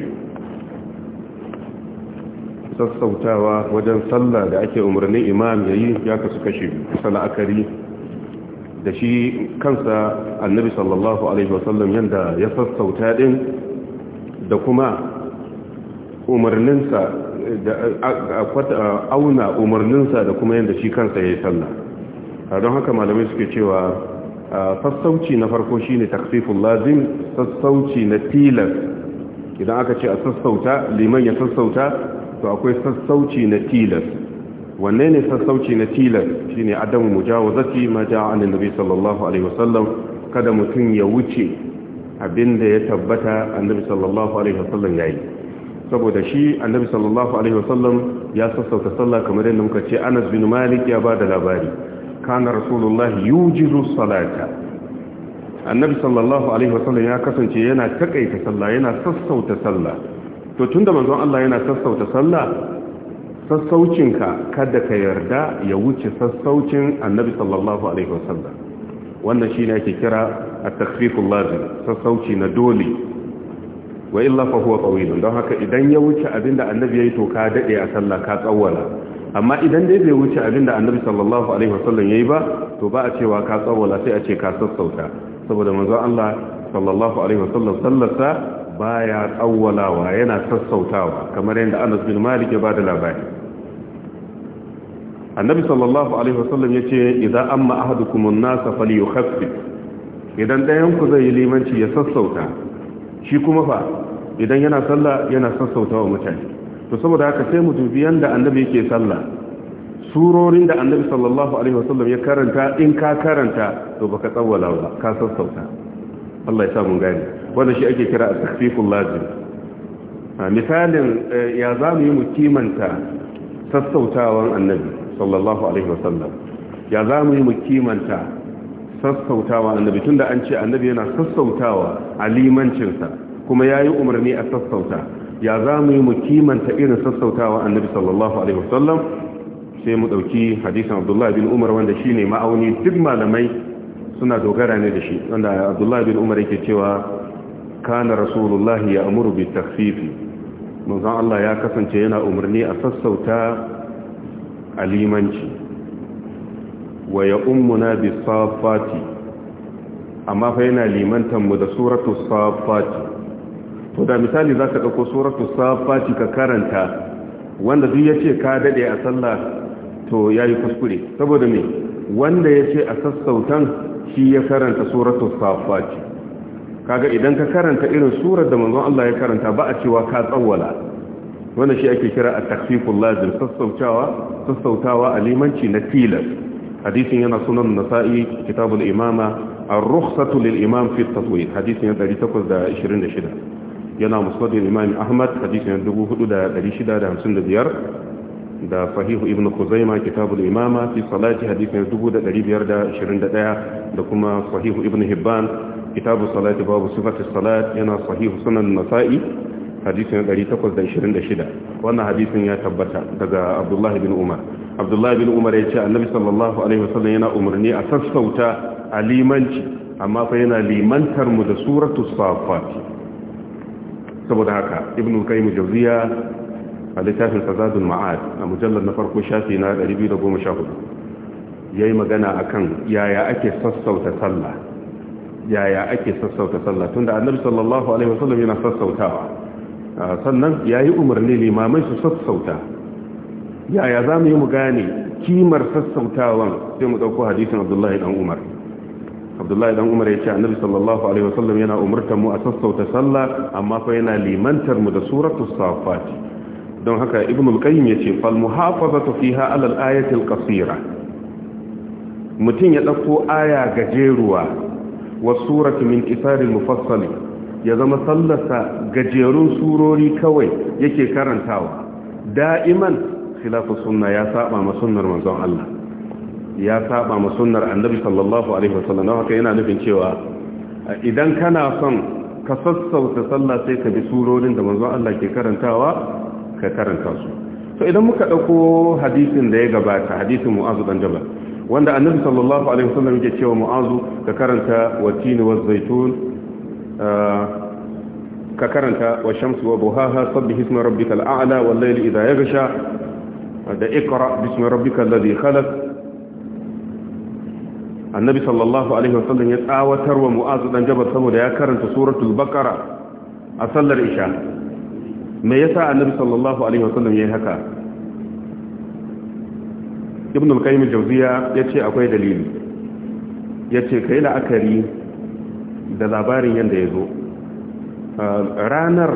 sassautawa wajen sallah da ake umarnin imam yayi ya kasu kashe biyu la'akari da shi kansa annabi sallallahu alaihi wasallam yanda ya sassauta din da kuma umarninsa da auna umarninsa da kuma yanda shi kansa ya yi sallah don haka malamai suke cewa sassauci na farko ne taksiful lazim sassauci na tilas idan aka ce a sassauta liman ya sassauta to akwai sassauci na tilas wanne ne sassauci na tilas shine adamu mujawazati ma ja'a annabi nabi sallallahu alaihi wasallam kada mutum ya wuce abinda ya tabbata annabi sallallahu alaihi wasallam yayi saboda shi annabi sallallahu alaihi wasallam ya sassauta sallah kamar yadda muka ce Anas bin Malik ya ba da labari kana rasulullah yujizu salata annabi sallallahu alaihi wasallam ya kasance yana takaita sallah yana sassauta sallah to tunda manzon Allah yana sassauta sallah ka kada ka yarda ya wuce sassaucin annabi sallallahu alaihi wasallam wannan shine ake kira at-takhfiful lazim sassauci na dole wa illa fa huwa tawil don haka idan ya wuce abinda annabi yayi to ka dade a sallah ka tsawwala amma idan dai bai wuce abin da annabi sallallahu alaihi wasallam yayi ba to ba a cewa ka tsawala sai a ce ka sassauta saboda manzon Allah sallallahu alaihi wasallam sallarsa baya tsawalawa yana sassautawa kamar yadda Anas bin Malik ya bada labari annabi sallallahu alaihi wasallam yace idan amma ahadukum an-nas falyukhaffif idan dayan ku zai yi limanci ya sassauta shi kuma fa idan yana sallah yana sassautawa mutane to saboda haka sai mu dubi yanda annabi yake sallah surorin da annabi sallallahu alaihi wasallam ya karanta in ka karanta to baka tsawwala ba ka sassauta Allah ya sa mun gane wanda shi ake kira at-takfiful lazim misalin eh, ya zamu yi mu kimanta sassautawan annabi sallallahu alaihi wasallam ya zamu yi mu kimanta sassautawa annabi tunda an ce annabi yana sassautawa alimancinsa limancinsa kuma yayi umarni a sassauta ya za mu yi mu kimanta irin sassautawa annabi sallallahu alaihi wasallam sai mu dauki hadisin abdullahi bin umar wanda shine ma'auni duk malamai suna dogara ne da shi wanda abdullahi bin umar yake cewa kana rasulullahi ya amuru bi takfifi manzon Allah ya kasance yana umarni a sassauta alimanci wa ya ummuna bi safati amma fa yana limantan mu da suratu safati to da misali za ka ɗauko suratu safati ka karanta wanda duk ya ce ka daɗe a sallah to ya yi kuskure saboda me wanda ya ce a sassautan shi ya karanta suratu safati kaga idan ka karanta irin surar da manzon Allah ya karanta ba a cewa ka tsawwala wanda shi ake kira a takfiful lazim sassautawa a limanci na tilas hadisin yana sunan nasa'i kitabul imama ar-rukhsatu lil imam fi at-tatwil hadisin 826 yana musnadin imami ahmad hadisin 4655 da sahihu ibn kuzaima kitabul imama fi salati hadisin 2521 da kuma sahihu ibn hibban kitabu salati babu sifati salat yana sahihu sunan nasa'i hadisin 826 wannan hadisin ya tabbata daga abdullahi bin umar abdullahi bin umar ya ce annabi sallallahu alaihi wasallam yana umarni a sassauta a limanci amma fa yana limantar mu da suratul safat saboda haka ibn qayyim jawziya a littafin fazadul ma'ad a mujallar na farko shafi na 214 yayi magana akan yaya ake sassauta sallah yaya ake sassauta sallah tunda annabi sallallahu alaihi wasallam yana sassautawa sannan yayi umarni limamai su sassauta yaya zamu yi mu gane kimar sassautawan sai mu dauko hadisin Abdullahi dan Umar abdullahi dan umar ya ce annabi sallallahu alaihi wasallam yana umurtar mu a sassauta sallah amma fa yana limantar mu da suratu safat don haka ibnu al-qayyim yace fal muhafazatu fiha ala al-ayati al-qasira mutun ya dauko aya gajeruwa wa suratu min qisar al-mufassal ya zama sallarsa gajerun surori kawai yake karantawa da'iman khilafu sunna ya saba ma sunnar manzon Allah ya saba ma sunnar annabi sallallahu alaihi wasallam haka yana nufin cewa idan kana son ka sassauta sallah sai ka bi surorin da manzon Allah ke karantawa ka karanta su to idan muka dauko hadisin da ya gabata hadisin mu'azu dan jabal wanda annabi sallallahu alaihi wasallam yake cewa mu'azu ka karanta wa watini waz zaitun ka karanta wa shamsu wa buhaha sabbih isma rabbikal a'la wal layli idha yaghsha da iqra bismi rabbikal ladhi khalaq annabi sallallahu alaihi wasallam ya tsawatar wa mu'azu dan jabal saboda ya karanta suratul baqara a sallar isha me yasa annabi sallallahu alaihi wasallam yayi haka ibn al-qayyim al-jawziya yace akwai dalili yace kai la'akari da labarin yanda yazo ranar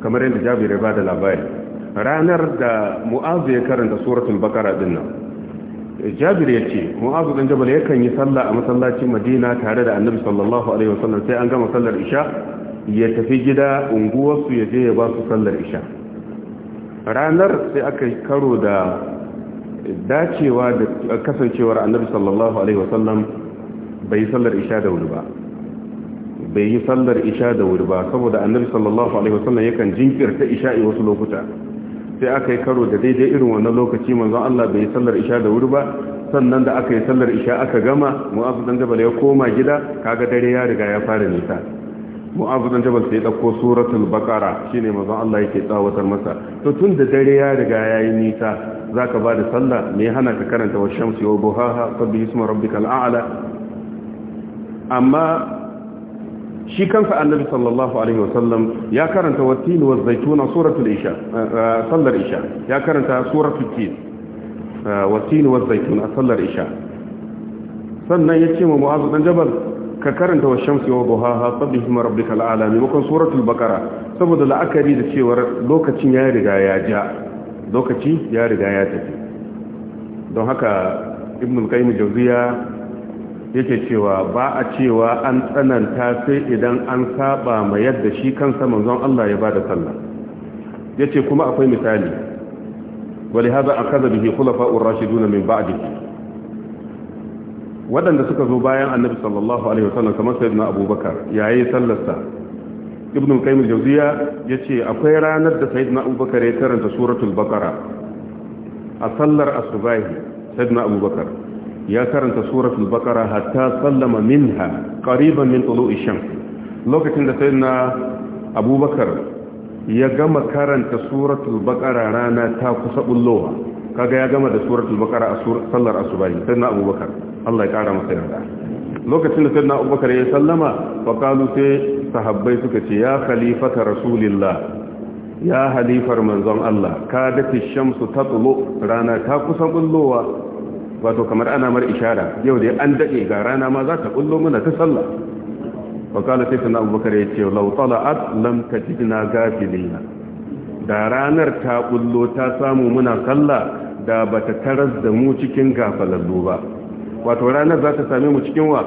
kamar yadda jabir ya bada labari ranar da mu'azu ya karanta suratul baqara dinnan jabir ya ce mu'azu dan jabal kan yi sallah a masallacin madina tare da annabi sallallahu alaihi wasallam sai an gama sallar isha ya tafi gida unguwarsu ya je ya ba su sallar isha ranar sai aka karo da dacewa da kasancewar annabi sallallahu alaihi wasallam bai yi sallar isha da wuri ba bai yi sallar isha da wuri ba saboda annabi sallallahu alaihi wasallam yakan jinkirta isha'i wasu lokuta sai aka yi karo da daidai irin wannan lokaci manzon Allah bai yi sallar isha da wuri ba sannan da aka yi sallar isha aka gama mu'azu dan jabal ya koma gida kaga dare ya riga ya fara nisa mu'azu dan jabal sai dauko suratul baqara shine manzon Allah yake tsawatar masa to tun da dare ya riga ya yi nisa zaka bada sallah me hana ka karanta wa shamsi wa buhaha sabbi isma rabbikal a'la amma shi kansa annabi sallallahu alaihi wasallam ya karanta wattin wa zaituna suratul isha eh, eh, sallar isha ya karanta suratul tin eh, wattin wa zaituna sallar isha sannan yace wa mu'az dan jabal ka karanta wa shamsi wa duhaha sabbihima rabbikal ala maimakon suratul baqara saboda la'akari da cewar lokacin ya riga ya ja lokaci ya riga ya tafi don haka ibnu qayyim jawziya yake cewa ba a cewa an tsananta sai idan an saba ma yadda shi kansa manzon Allah ya bada sallah yace kuma akwai misali wali hada akaza bihi khulafa'ur rashidun min ba'dihi wadanda suka zo bayan annabi sallallahu alaihi wasallam kamar sayyidina abubakar yayi sallarsa ibn al-qayyim al-jawziya yace akwai ranar da sayyidina abubakar ya karanta suratul baqara a sallar asubahi sayyidina abubakar ya karanta suratul baqara hatta sallama minha qariban min tulu'i shams lokacin da sayyidina abubakar ya gama karanta suratul baqara rana ta kusa bullowa kaga ya gama da suratul baqara a sallar asubahi sayyidina abubakar Allah ya kara masa yarda lokacin da sayyidina abubakar ya sallama fa qalu sai sahabbai suka ce ya khalifata rasulillah ya halifar manzon Allah ka dace shamsu ta tsulo rana ta kusa bullowa wato kamar ana mar ishara yau dai an dade ga rana ma za ta kullo mana ta sallah wa kana sai sunan abubakar ya ce law tala'at lam tajidna gafilina da ranar ta kullo ta samu muna sallah da bata taras da mu cikin gafalallu ba wato ranar za ta same mu cikin wa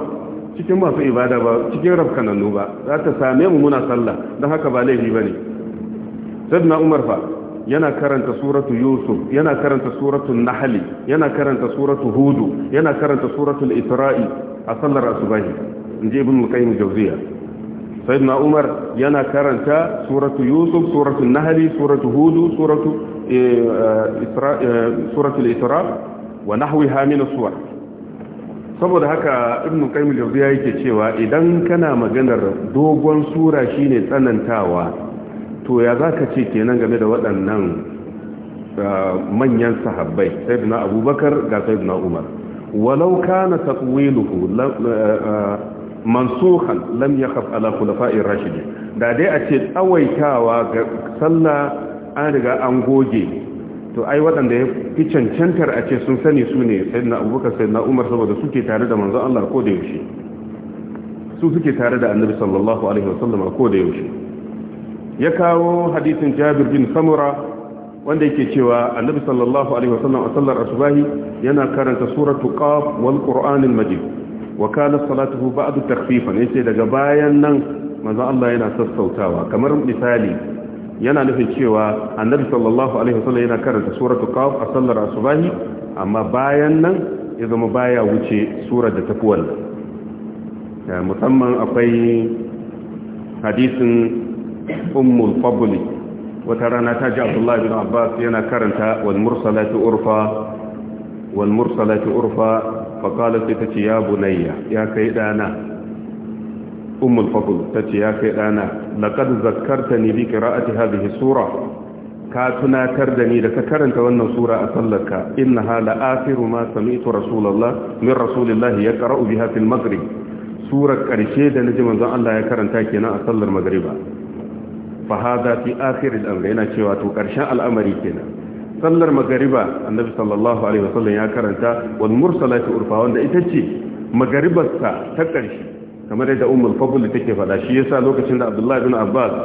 cikin masu ibada ba cikin rafkanannu ba za ta same mu muna sallah don haka ba laifi bane sabna umar fa yana karanta suratu yusuf yana karanta suratu Nahali, yana karanta suratu hudu yana karanta suratu isra'i a sallar asubahi inji ibn al Jauziya. jawziya sayyidina umar yana karanta suratu yusuf suratu Nahali, suratu hudu suratu eh, eh, eh, suratu isra wa nahwiha min as-suwar saboda haka ibn al Jauziya jawziya yake cewa idan kana maganar dogon sura shine tsanantawa to ya za ka ce kenan game da waɗannan ah, manyan sahabbai sayyidina abubakar ga sayyidina umar walau na taqwiluhu ah, mansuhan lam yakhaf ala khulafa'ir rashidi da dai a ce tsawaitawa ga sallah an riga an goge to ai waɗanda ya fi cancantar a ce sun sani su ne na abubakar na umar saboda suke tare da manzan Allah ko da yaushe su suke tare da annabi sallallahu alaihi wasallam ko da yaushe ya kawo hadisin jabir bin samura wanda yake cewa annabi sallallahu alaihi wasallam a sallar asubahi yana karanta suratu qaf wal qur'anil majid wa kana salatuhu ba'du takhfifan yace daga bayan nan manzo Allah yana sassautawa kamar misali yana nufin cewa annabi sallallahu alaihi wasallam yana karanta suratu qaf a sallar asubahi amma bayan nan ya zama baya wuce surar da tafi wannan musamman akwai hadisin ummul fadl wata rana ta ji abdullahi bin abbas yana karanta wal mursalati urfa wal mursalati urfa fa qalat tace ya bunayya ya kai dana ummul ta tace ya kai dana laqad zakkartani bi qira'ati hadhihi sura ka tunatar da ni da ka karanta wannan sura a sallarka innaha la akhiru ma sami'tu rasulullah min ya yaqra'u biha fil maghrib surar karshe da naji manzon Allah ya karanta kenan a sallar magriba fa hada fi akhir al yana cewa to karshen al'amari kenan sallar magariba annabi sallallahu alaihi wasallam ya karanta wal mursalati urfa wanda ita ce magaribarsa ta karshe kamar yadda ummul fadl take fada shi yasa lokacin da abdullahi ibn abbas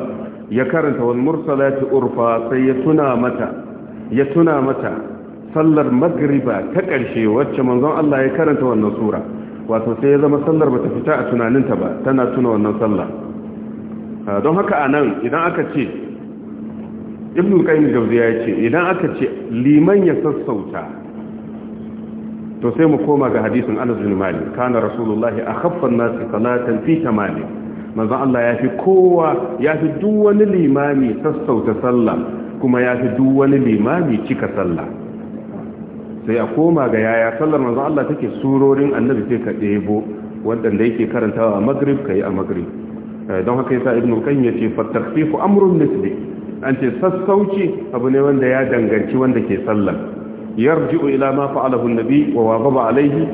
ya karanta wal mursalati urfa sai ya tuna mata ya tuna mata sallar magriba ta ƙarshe wacce manzon Allah ya karanta wannan sura wato sai ya zama sallar bata fita a tunaninta ba tana tuna wannan sallah Ah, don haka a nan idan aka ce ibn qayyim jawziya ya ce idan aka ce liman ya sassauta to sai mu koma ga hadisin Anas bin kana rasulullahi a an-nasi salatan fi tamali manzo Allah ya fi kowa ya fi duk wani limami sassauta sallah kuma ya fi duk wani limami cika sallah sai a koma ga yaya sallar manzo Allah take surorin annabi sai ka ɗebo waɗanda yake karantawa a magrib kai a magrib Eh, don haka yasa Ibn qayyim yace fa takfifu amrun nisbi an ce sassauci abu ne wanda ya danganci wanda ke sallar yarji'u ila ma fa'alahu an-nabi wa waqaba alayhi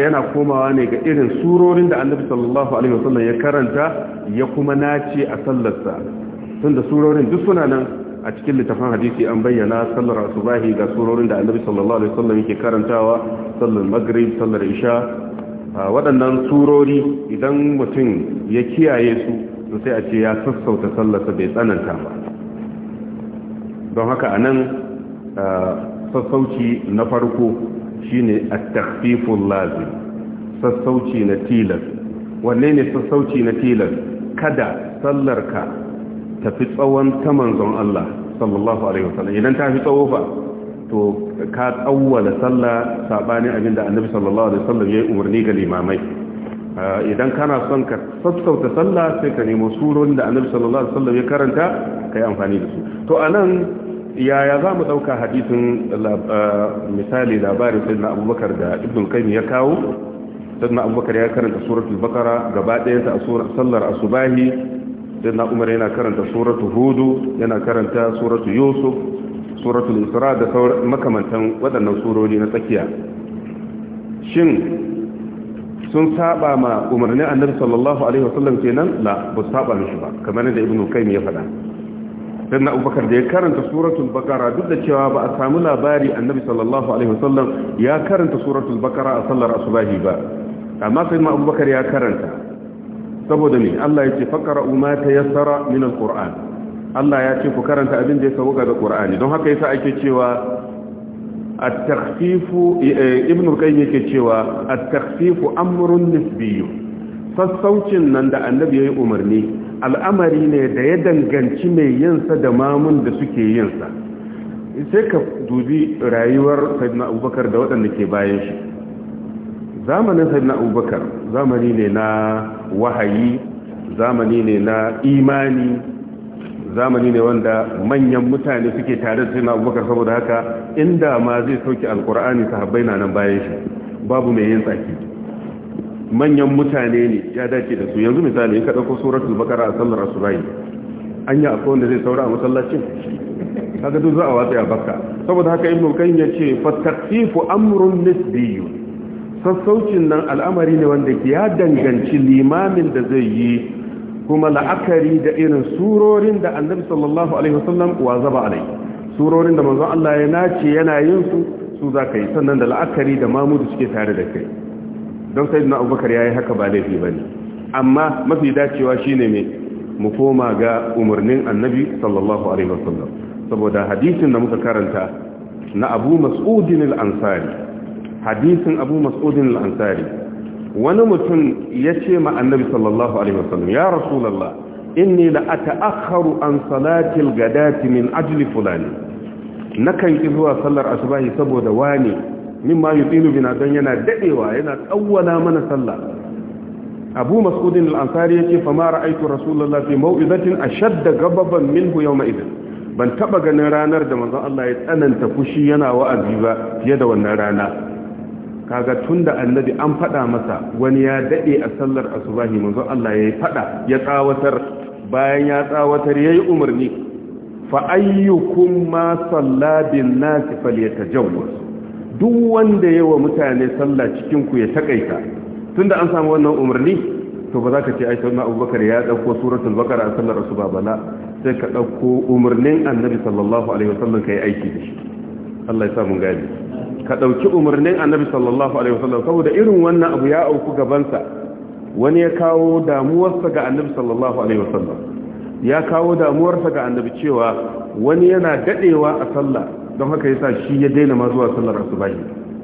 yana komawa ne ga irin surorin da annabi sallallahu alaihi wasallam ya karanta ya kuma nace a sallarsa tunda surorin duk suna nan a cikin littafin hadisi an bayyana sallar asubahi ga surorin da annabi sallallahu alaihi wasallam yake karantawa sallar maghrib sallar isha waɗannan surori idan mutum ya kiyaye su to sai a ce ya sassauta sallarsa bai tsananta ba don haka a nan sassauci na farko shine a takfifun lazi, sassauci na tilas wanne ne sassauci na tilas kada sallarka tafi tsawon ta manzon Allah sallallahu alaihi wasallam idan ta fi tsawo fa to ka tsawwala sallah sabanin abinda annabi sallallahu alaihi wasallam ya umarni ga limamai ah, idan kana son ka sassauta sallah sai ka nemo surorin da annabi sallallahu alaihi wasallam ya karanta kai amfani da su to anan yaya za mu ɗauka hadisin ah, misali labarin sai na abubakar da ibn kaimi ya kawo sai na abubakar ya karanta suratul bakara gaba ɗayansa a sallar asubahi sai na umar yana karanta suratul hudu yana karanta suratul yusuf suratul isra da makamantan waɗannan surori na tsakiya shin sun saba ma umarni annabi sallallahu alaihi wasallam kenan la ba su saba mishi ba kamar da ibnu kaim ya faɗa sannan abubakar da ya karanta suratul bakara duk da cewa ba a samu labari annabi sallallahu alaihi wasallam ya karanta suratul bakara a sallar asubahi ba amma sai ma abubakar ya karanta saboda me Allah ya ce faqara ma tayassara min alquran Allah ya ce ku karanta abin da ya sauka da Qur'ani don haka yasa ake cewa at-takhfifu eh, ibn al-qayyim yake cewa at-takhfifu amrun nisbiy sassaucin nan da annabi yayi umarni al'amari ne da ya danganci mai yinsa da mamun da suke yinsa sai ka dubi rayuwar sayyidina Abubakar da waɗanda ke bayan shi zamanin sayyidina Abubakar zamani ne na wahayi zamani ne na imani zamani ne wanda manyan mutane suke tare da sayyidina abubakar saboda haka inda ma zai sauke alkur'ani sahabbai na nan bayan shi babu mai yin tsaki manyan mutane ne ya dace da su yanzu misali in ka ɗauko suratul baqara a sallar asubai an yi akwai wanda zai saura a masallacin Haka duk za a watsa ya baka saboda haka ibnu kan ya ce fa taqfifu amrun nisbiyyu sassaucin nan al'amari ne wanda ya danganci limamin da zai yi kuma la'akari da irin surorin da annabi sallallahu alaihi wasallam wa zaba alai surorin da manzon Allah ya nace yana yin su su za yi sannan da la'akari da mamudu suke tare da kai don sai abubakar ya yi haka ba laifi ba ne amma mafi dacewa shine me mai mu koma ga umarnin annabi sallallahu alaihi wasallam saboda hadisin da muka karanta na abu mas'udin al-ansari hadisin abu mas'udin al-ansari wani mutum ya ce ma annabi sallallahu alaihi wasallam ya rasulullah inni la ata'akharu an salati gadati min ajli fulani nakan ki zuwa sallar asubahi saboda wani mimma yutilu bina dan yana dadewa yana tsawwala mana sallah abu mas'ud al-ansari yace fa ma ra'aytu rasulullah fi maw'izatin ashadda gababan minhu yawma idin ban taba ganin ranar da manzon Allah ya tsananta fushi yana wa'azi ba fiye da wannan rana kaga tunda annabi an faɗa masa wani ya daɗe a sallar asubahi manzo Allah ya faɗa ya tsawatar bayan ya tsawatar yayi umarni fa ayyukum ma salla bin nas falyatajawwaz duk wanda yawa mutane sallah cikin ku ya takaita tunda an samu wannan umarni to ba za ka ce ai Abubakar ya dauko suratul bakar a sallar asuba bala sai ka dauko umarnin annabi sallallahu alaihi wasallam yi aiki da shi Allah ya sa mun gani ka ɗauki umarnin annabi sallallahu alaihi wasallam saboda irin wannan abu ya auku gabansa wani ya kawo damuwarsa ga annabi sallallahu alaihi wasallam ya kawo damuwarsa ga annabi cewa wani yana dadewa a sallah don haka yasa shi ya daina ma zuwa sallar asubahi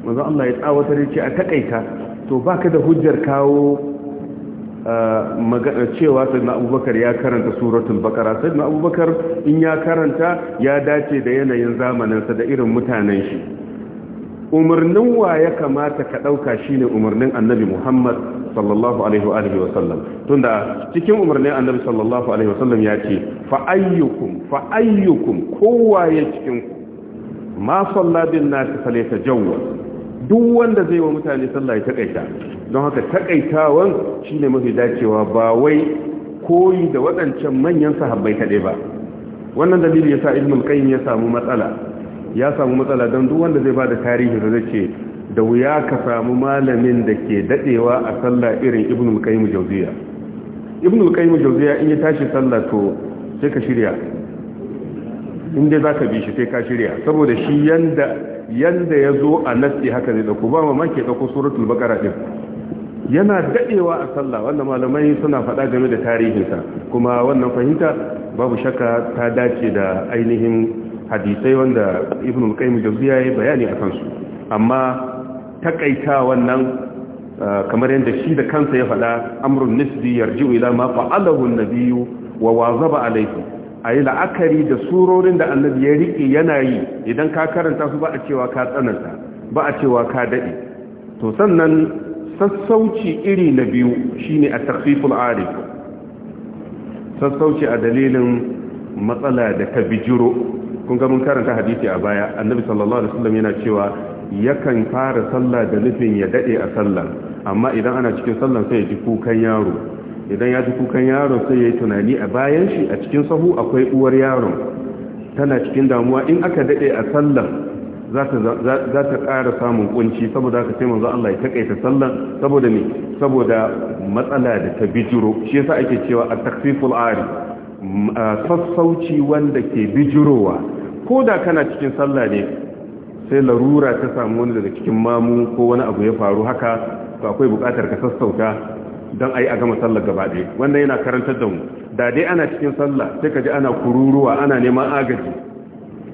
manzo Allah ya tsawatar ce a takaita to baka da hujjar kawo magana cewa sayyidina abubakar ya karanta suratul baqara sayyidina abubakar in ya karanta ya dace da yanayin zamaninsa da irin mutanen shi umarnin wa ya kamata ka ɗauka shine umarnin annabi muhammad sallallahu alaihi wa alihi wasallam tunda cikin umarnin annabi sallallahu alaihi wasallam ya ce fa'ayyukum fa'ayyukum kowa ya cikin ku ma salla bin sale ta jawwa duk wanda zai wa mutane sallah ya takaita don haka takaitawan shine mafi dacewa ba wai koyi da waɗancan manyan sahabbai kaɗai ba wannan dalili yasa sa al ya samu matsala ya samu matsala don duk wanda zai ba da tarihi da zai ce da wuya ka samu malamin da ke dadewa a sallah irin ibn al-qayyim jawziya ibn al jawziya in ya tashi sallah to sai ka shirya in dai zaka bi shi sai ka shirya saboda shi yanda yanda yazo a nasi haka zai da ba mamaki da dauko suratul baqara din yana dadewa a sallah wannan malamai suna faɗa game da tarihinsa kuma wannan fahimta babu shakka ta dace da ainihin hadisai wanda ibn al-qayyim jawziya yayi bayani akan su amma takaita wannan uh, kamar yadda shi da kansa ya faɗa amrun nisbi yarji'u ila ma fa'alahu an-nabiyyu wa wazaba alayhi ayi la'akari da surorin da annabi ya rike yana yi idan ka karanta su ba a cewa ka tsananta ba a cewa ka dade to sannan sassauci iri na biyu shine at-takhfiful arif sassauci a dalilin matsala da ka bijiro kun ga mun karanta hadisi a baya annabi sallallahu alaihi wasallam yana cewa yakan fara sallah da nufin ya dade a sallah amma idan ana cikin sallah sai ya ji kukan yaro idan ya ji kukan yaro sai ya yi tunani a bayan shi a cikin sahu akwai uwar yaron tana cikin damuwa in aka dade a sallah za ta ƙara samun kunci saboda aka sai manzo Allah ya takaita sallah saboda ne saboda matsala da ta bijiro shi yasa ake cewa at-takfiful ari sassauci wanda ke bijirowa ko da kana cikin sallah ne sai larura ta samu wani daga cikin mamu ko wani abu ya faru haka to akwai bukatar ka sassauta don a yi a gama sallah gaba ɗaya wannan yana karantar da mu da dai ana cikin sallah sai ka ji ana kururuwa ana neman agaji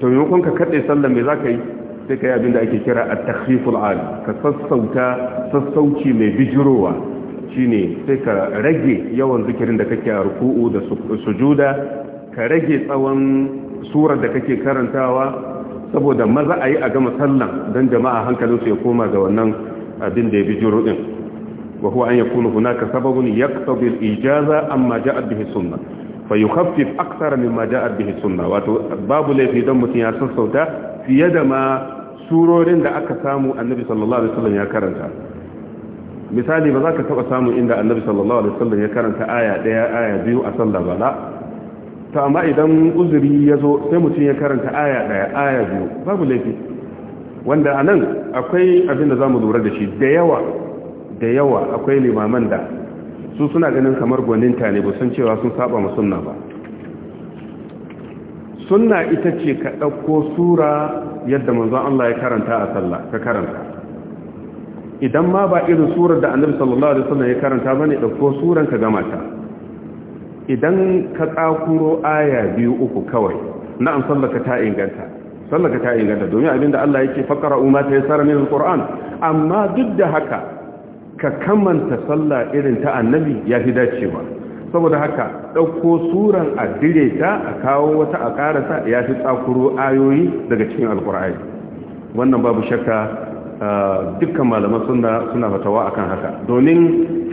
to maimakon ka kaɗe sallah mai za ka yi sai ka yi abin da ake kira a takhiful al ka sassauta sassauci mai bijirowa shine sai ka rage yawan zikirin da kake a ruku'u da sujuda ka rage tsawon surar da kake karantawa saboda maza a yi a gama sallan don jama'a hankalinsu ya koma ga wannan abin da ya bijiro din wa huwa an yakunu hunaka sababin yaqtabi al-ijaza amma ja'at bihi sunnah fa yi yukhaffif akthar mimma ja'at bihi sunnah wato babu laifi don mutum ya sauta fiye da ma surorin da aka samu annabi sallallahu alaihi wasallam ya karanta misali ba za ka taba samu inda annabi sallallahu alaihi wasallam ya karanta aya daya aya biyu a sallah ba la to amma idan uzuri ya zo sai mutum ya karanta aya daya aya biyu babu laifi wanda a nan akwai abin da za mu lura da shi da yawa da yawa akwai limaman da su suna ganin kamar gwaninta ne ba sun cewa sun saba ma sunna ba sunna ita ce ka ɗauko sura yadda manzon Allah ya karanta a sallah ka karanta idan ma ba irin surar da annabi sallallahu alaihi wasallam ya karanta bane ɗauko suran ka gama ta idan ka tsakuro aya biyu uku kawai na'am sallaka ta inganta sallaka ta inganta domin abinda Allah yake fakara umma ta yasara min alquran amma duk da haka ka kamanta sallah irin ta annabi ya fi dacewa saboda haka dauko suran addire ta a kawo wata a karasa yafi tsakuro ayoyi daga cikin alqur'ani wannan babu shakka dukkan malaman suna suna fatawa akan haka domin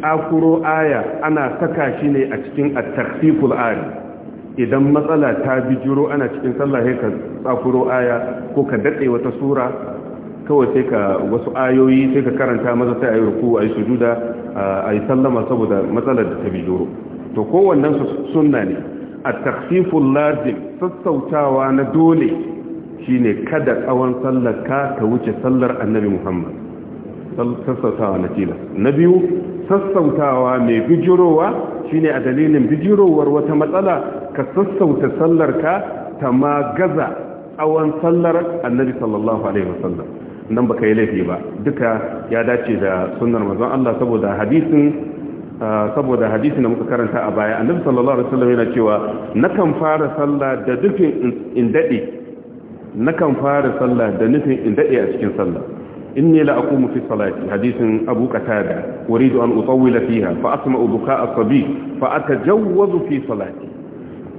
akuro aya ana saka shi ne a cikin at-takhfiful ayat idan matsala ta bijiro ana cikin sallah sai ka tsakuro aya ko ka dade wata sura kawai sai ka wasu ayoyi sai ka karanta maza sai ayi ruku ayi sujuda ayi sallama saboda matsalar da ta bijiro to kowannen su sunna ne at-takhfiful lazim sassautawa na dole shine kada tsawon sallar ka ta wuce sallar annabi muhammad sassautawa na tilas na biyu sassautawa mai bijirowa shine a dalilin bijirowar wata matsala ka sassauta sallar ka ta ma gaza tsawon sallar annabi sallallahu alaihi wasallam nan baka yi laifi ba duka ya dace da sunnar mazan Allah saboda hadisin saboda hadisi da muka karanta a baya annabi sallallahu alaihi wasallam yana cewa nakan fara sallah da dukin in dade na kan fara sallah da nufin in dade a cikin sallah in ne aqumu fi salati hadithin abu qatada uridu an utawwila fiha fa uduka a sabi fa aka atajawwazu fi salati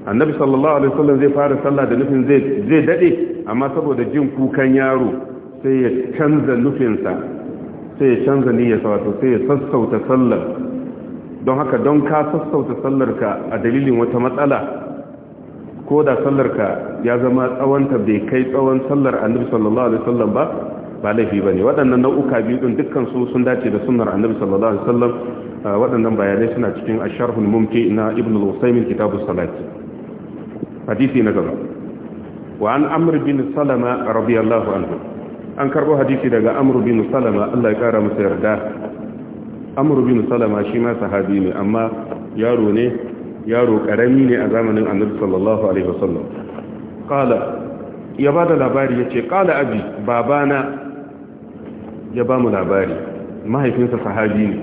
annabi sallallahu alaihi sallam zai fara sallah da nufin zai zai dade amma saboda jin kukan yaro sai ya canza nufinsa sai ya canza niyyarsa wato sai ya sassauta sallar don haka don ka sassauta sallarka a dalilin wata matsala ko da sallarka ya zama tsawonta bai kai tsawon sallar annabi sallallahu alaihi wasallam ba ba laifi bane waɗannan nau'uka biyu din dukkan su sun dace da sunnar annabi sallallahu alaihi wasallam ah, waɗannan bayanai suna cikin asharhul mumti na ibn al-usaymin kitabus salat hadisi na gaba wa an amr bin salama radiyallahu anhu an karbo hadisi daga amr bin salama Allah ya kara masa yarda amr bin salama shi ma sahabi ne amma yaro ne yaro karami ne a zamanin annabi sallallahu alaihi wasallam qala ya ba da labari yace qala abi babana ya ba mu labari mahaifinsa sahabi ne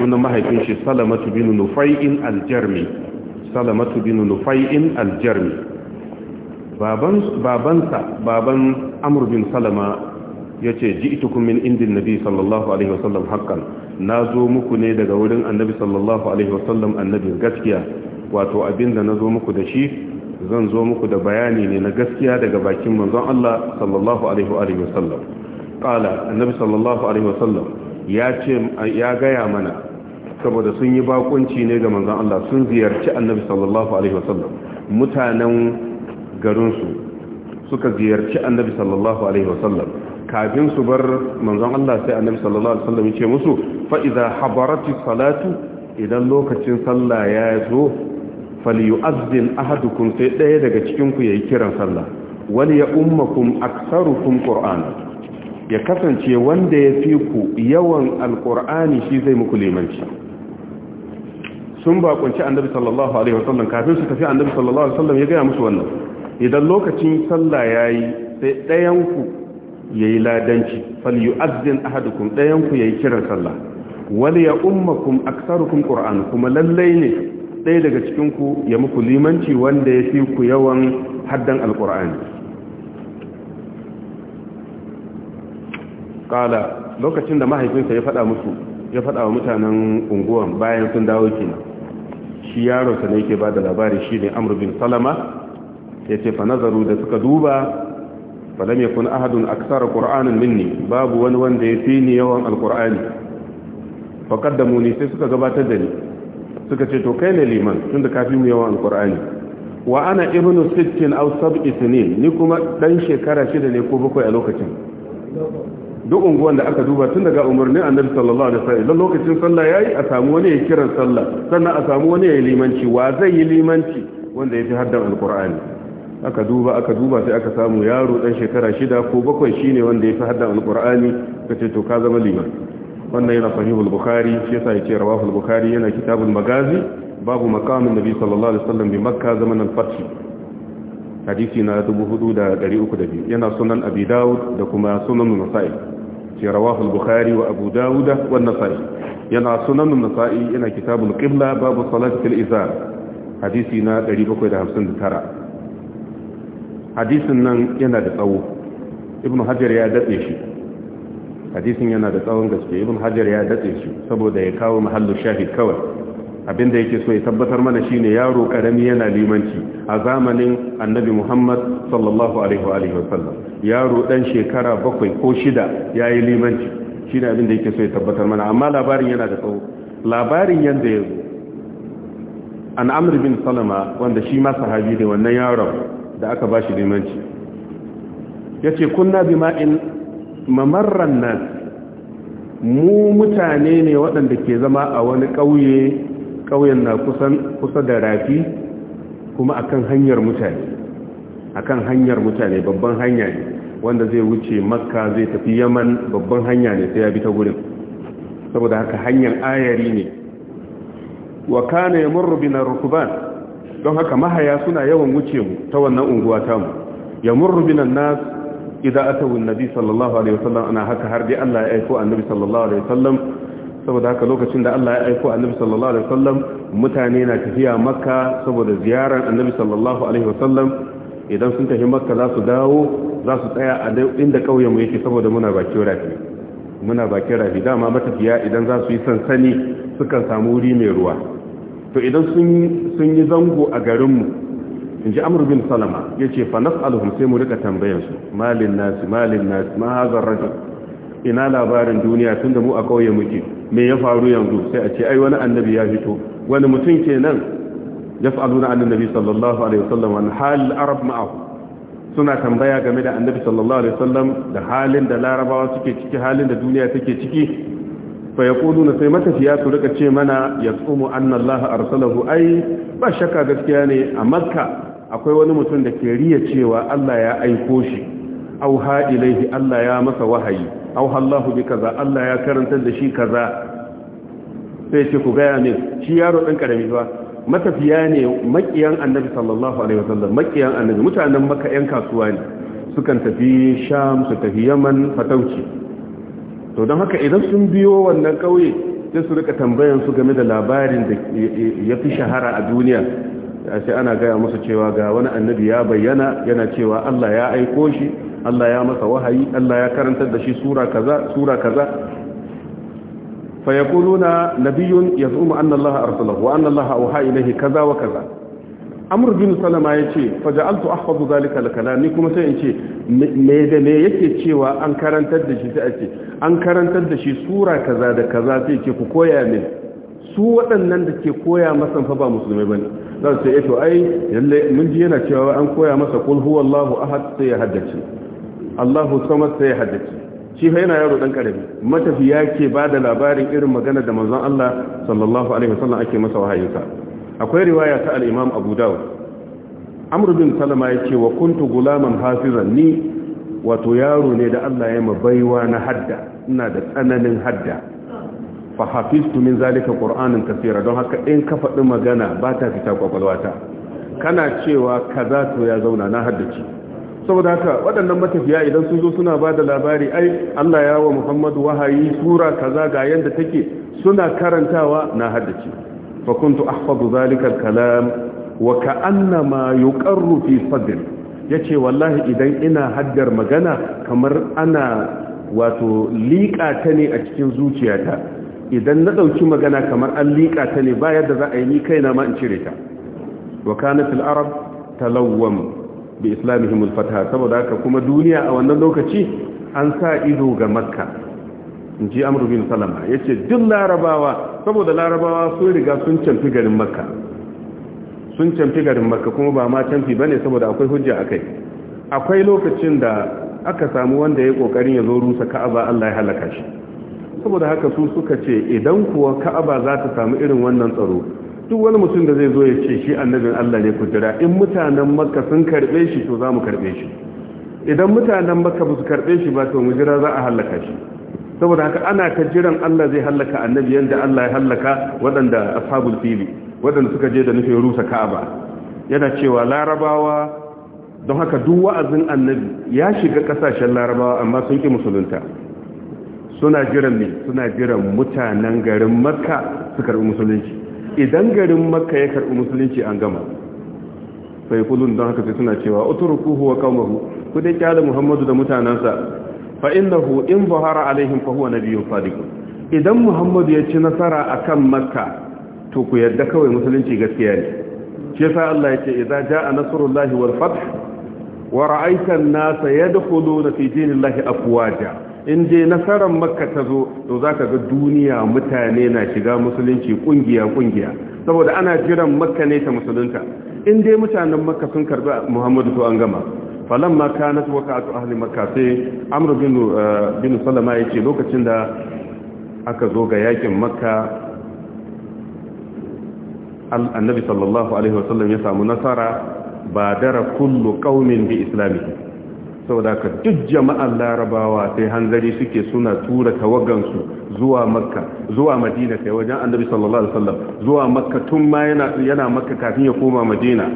sunan mahaifin shi salamatu bin nufai'in aljarmi salamatu bin nufai'in aljarmi baban babansa baban amr bin salama yace ji'tukum min indin nabi sallallahu alaihi wasallam haqqan na zo muku ne daga wurin annabi sallallahu alaihi wasallam annabin gaskiya wato abin da na zo muku da shi zan zo muku da bayani ne na gaskiya daga bakin manzon Allah sallallahu alaihi wasallam qala annabi sallallahu alaihi wasallam ya ce ya gaya mana saboda sun yi bakunci ne ga manzon Allah sun ziyarci annabi sallallahu alaihi wasallam mutanen garin su suka ziyarci annabi sallallahu alaihi wasallam kafin su bar manzon Allah sai annabi sallallahu alaihi wasallam ya ce musu fa idza habarati salatu idan lokacin sallah ya zo falyu'azzin ahadukum sai daya daga cikin ku yayi kiran sallah wal ya ummakum aktsarukum qur'ana ya kasance wanda ya fi ku yawan alqur'ani shi zai muku limanci sun bakunci annabi sallallahu alaihi wasallam kafin su tafi annabi sallallahu alaihi wasallam ya ga musu wannan idan lokacin sallah yayi sai dayan ku yayi ladanci falyu'azzin ahadukum dayan ku yayi kiran sallah wal ya aksar aktsarukum qur'an kuma lallai ne ɗaya daga cikin ku ya muku limanci wanda ya fi ku yawan haddan alqur'ani kala lokacin da mahaifinsa ya faɗa musu ya faɗa wa mutanen unguwan bayan sun dawo kenan shi yaronsa ne yake ba da labari shine ne salama ya ce fa nazaru da suka duba falam yakun ahadun aksara qur'anan minni babu wani wanda ya fi ni yawan alqur'ani faqaddamuni sai suka gabatar da ni suka ce to kai ne liman tunda kafi mu yawan alqur'ani wa ana ibnu sittin aw sab'i sinin ni kuma dan shekara shida ne ko bakwai a lokacin duk unguwan da aka duba tun daga umarnin annabi sallallahu alaihi wasallam lokacin sallah yayi a samu wani ya kiran sallah sannan a samu wani ya yi limanci wa zai yi limanci wanda ya fi haddan alqur'ani aka duba aka duba sai aka samu yaro dan shekara shida ko bakwai shine wanda ya fi hadda alqur'ani kace to ka zama liman wannan yana sahihul bukhari shi yasa yace rawahul bukhari yana kitabul magazi babu maqamin nabi sallallahu alaihi wasallam bi makka zaman al-fath hadisi na 4302 yana sunan abi daud da kuma sunan nasa'i shi rawahul bukhari wa abu daud wa nasa'i yana sunan nasa'i yana kitabul qibla babu salatil izar hadisi na 759 hadisin nan yana da tsawo ibn hajar ya datse shi hadisin yana da tsawon gaske ibn hajar ya datse shi saboda ya kawo mahallu shahid kawai abinda yake so ya tabbatar mana shine yaro karami yana limanci a zamanin annabi muhammad sallallahu alaihi wa sallam yaro dan shekara bakwai ko shida ya yi limanci shine abinda yake so ya tabbatar mana amma labarin yana da tsawo labarin yanda zo an amri bin salama wanda shi ma sahabi ne wannan yaron da aka ba shi limanci ya ce kunna bi ma'in mamarran nan mu mutane ne waɗanda ke zama a wani ƙauye ƙauyen na kusa da rafi kuma akan hanyar mutane akan hanyar mutane babban hanya ne wanda zai wuce makka zai tafi yaman babban hanya ne sai ya bi ta gurin saboda haka hanyar ayari ne wa kana yamurru bina rukuban don haka mahaya suna yawan wuce mu ta wannan unguwa ta mu ya murru minan nas idan atawu Nabi sallallahu alaihi wasallam ana haka har dai Allah ya aiko annabi sallallahu alaihi wasallam saboda haka lokacin da Allah ya aiko annabi sallallahu alaihi wasallam mutane na tafiya makka saboda ziyarar annabi sallallahu alaihi wasallam idan sun tafi makka za su dawo za su tsaya a inda kauyen mu yake saboda muna bakin rafi muna bakin rafi dama matafiya idan za su yi sansani sukan samu wuri mai ruwa to idan sun yi zango a garinmu in ji amur bin salama ya ce fa nas'aluhum sai mu rika tambayansu malin nasi malin nasi ma hazar rajul ina labarin duniya tun da mu a kauye muke me ya faru yanzu sai a ce ai wani annabi ya fito wani mutum ke nan ya kenan yaf'aluna annabi sallallahu alaihi wasallam Wani halin arab ma'ahu suna tambaya game da annabi sallallahu alaihi wasallam da halin da larabawa suke ciki halin da duniya take ciki fa yaquluna sai matafiya su rika ce mana yasumu anna a arsalahu ai ba shakka gaskiya ne a Makka akwai wani mutum da ke riya cewa Allah ya aiko shi aw ha ilaihi Allah ya masa wahayi aw Allahu bi kaza Allah ya karanta da shi kaza sai ce ku gaya ne shi yaro dan karami ba matafiya ne makiyan annabi sallallahu alaihi wasallam makiyan annabi mutanen makka yan kasuwa ne sukan tafi sham su tafi yaman fatauci to don haka idan sun biyo wannan kauye sai su rika tambayan game da labarin da ya fi shahara a duniya sai ana gaya musu cewa ga wani annabi ya bayyana yana cewa Allah ya aiko shi Allah ya masa wahayi Allah ya karantar da shi sura kaza sura kaza fa yaquluna nabiyyun yazumu anna Allah arsalahu wa anna Allah auha ilayhi kaza wa kaza amur bin salama ya ce faja'altu ahfazu zalika lakala ni kuma sai in ce me da me yake cewa an karantar da shi sai a ce an karantar da shi sura kaza da kaza sai ce ku koya min su waɗannan da ke koya masa fa ba musulmai bane za su ce eh to ai lalle mun ji yana cewa an koya masa kul huwallahu ahad sai ya haddace Allahu samad sai ya haddace shi fa yana yaro dan karami matafiya ke ba da labarin irin magana da manzon Allah sallallahu alaihi wasallam ake masa wahayinsa akwai riwaya ta al'imam imam abu dawud amr bin salama ce wa kuntu gulaman hafizan ni wato yaro ne da Allah ya mabaiwa na hadda ina da tsananin hadda fa hafiztu min zalika qur'anan kaseera don haka in kafaɗin magana ba ta fita kwakwalwata kana cewa kaza to ya zauna na haddaci saboda haka waɗannan matafiya idan sun zo suna ba da labari ai Allah ya wa Muhammadu wahayi sura kaza ga yanda take suna karantawa na haddaci fa kuntu ahfazu zalika al-kalam wa ka'annama yuqarru fi sadri yace wallahi idan ina haddar magana kamar ana wato liƙa ta ne a cikin zuciyata idan na ɗauki magana kamar an liƙa ta ne ba yadda za a yi ni kaina ma in cire ta wa kanat al-arab talawwam bi islamihim al-fatha saboda haka kuma duniya a wannan lokaci an sa ido ga makka in ji amru bin salama ya ce duk larabawa saboda larabawa sun riga sun canfi garin makka sun canfi garin makka kuma ba ma canfi ba ne saboda akwai hujja a kai akwai lokacin da aka samu wanda ya kokarin ya zo rusa ka'aba allah ya halaka shi saboda haka su suka ce idan kuwa ka'aba za ta samu irin wannan tsaro duk wani mutum da zai zo ya ce shi annabin allah ne kujira in mutanen makka sun karbe shi to za mu karbe shi idan mutanen makka ba su karbe shi ba to mu jira za a halaka shi saboda haka ana ta jiran Allah zai hallaka annabi yanda Allah ya hallaka waɗanda ashabul fili waɗanda suka je da nufin rusa Ka'aba yana cewa larabawa don haka duk wa'azin annabi ya shiga kasashen larabawa amma sun ki musulunta suna jiran ne suna jiran mutanen garin Makka su karbi musulunci idan garin Makka ya karbi musulunci an gama sai kulun don haka sai suna cewa utrukuhu wa qaumahu ku dai kyale Muhammadu da mutanansa fa innahu in zuhara alaihim fa huwa nabiyyun sadiqun idan muhammadu ya ci nasara akan makka to ku yarda kawai musulunci gaskiya ne shi yasa Allah yake idza jaa nasrullahi wal fath wa ra'aita an-nasa yadkhuluna fi dinillahi afwaja in dai nasaran makka ta zo to zaka ga duniya mutane na shiga musulunci kungiya kungiya saboda ana jiran makka ne ta musulunta in dai mutanen makka sun karba muhammadu to an gama na falamma kanat su ahalin maka sai amur bin Salama ya ce lokacin da aka zo ga yakin maka annabi sallallahu alaihi wasallam ya samu nasara ba dara kullu qaumin bi Sau saboda ka duk jama'an larabawa sai hanzari suke suna tura tawagansu zuwa makka zuwa madina sai wajen annabi sallallahu alaihi wasallam zuwa makka tun ma yana yana makka kafin ya koma madina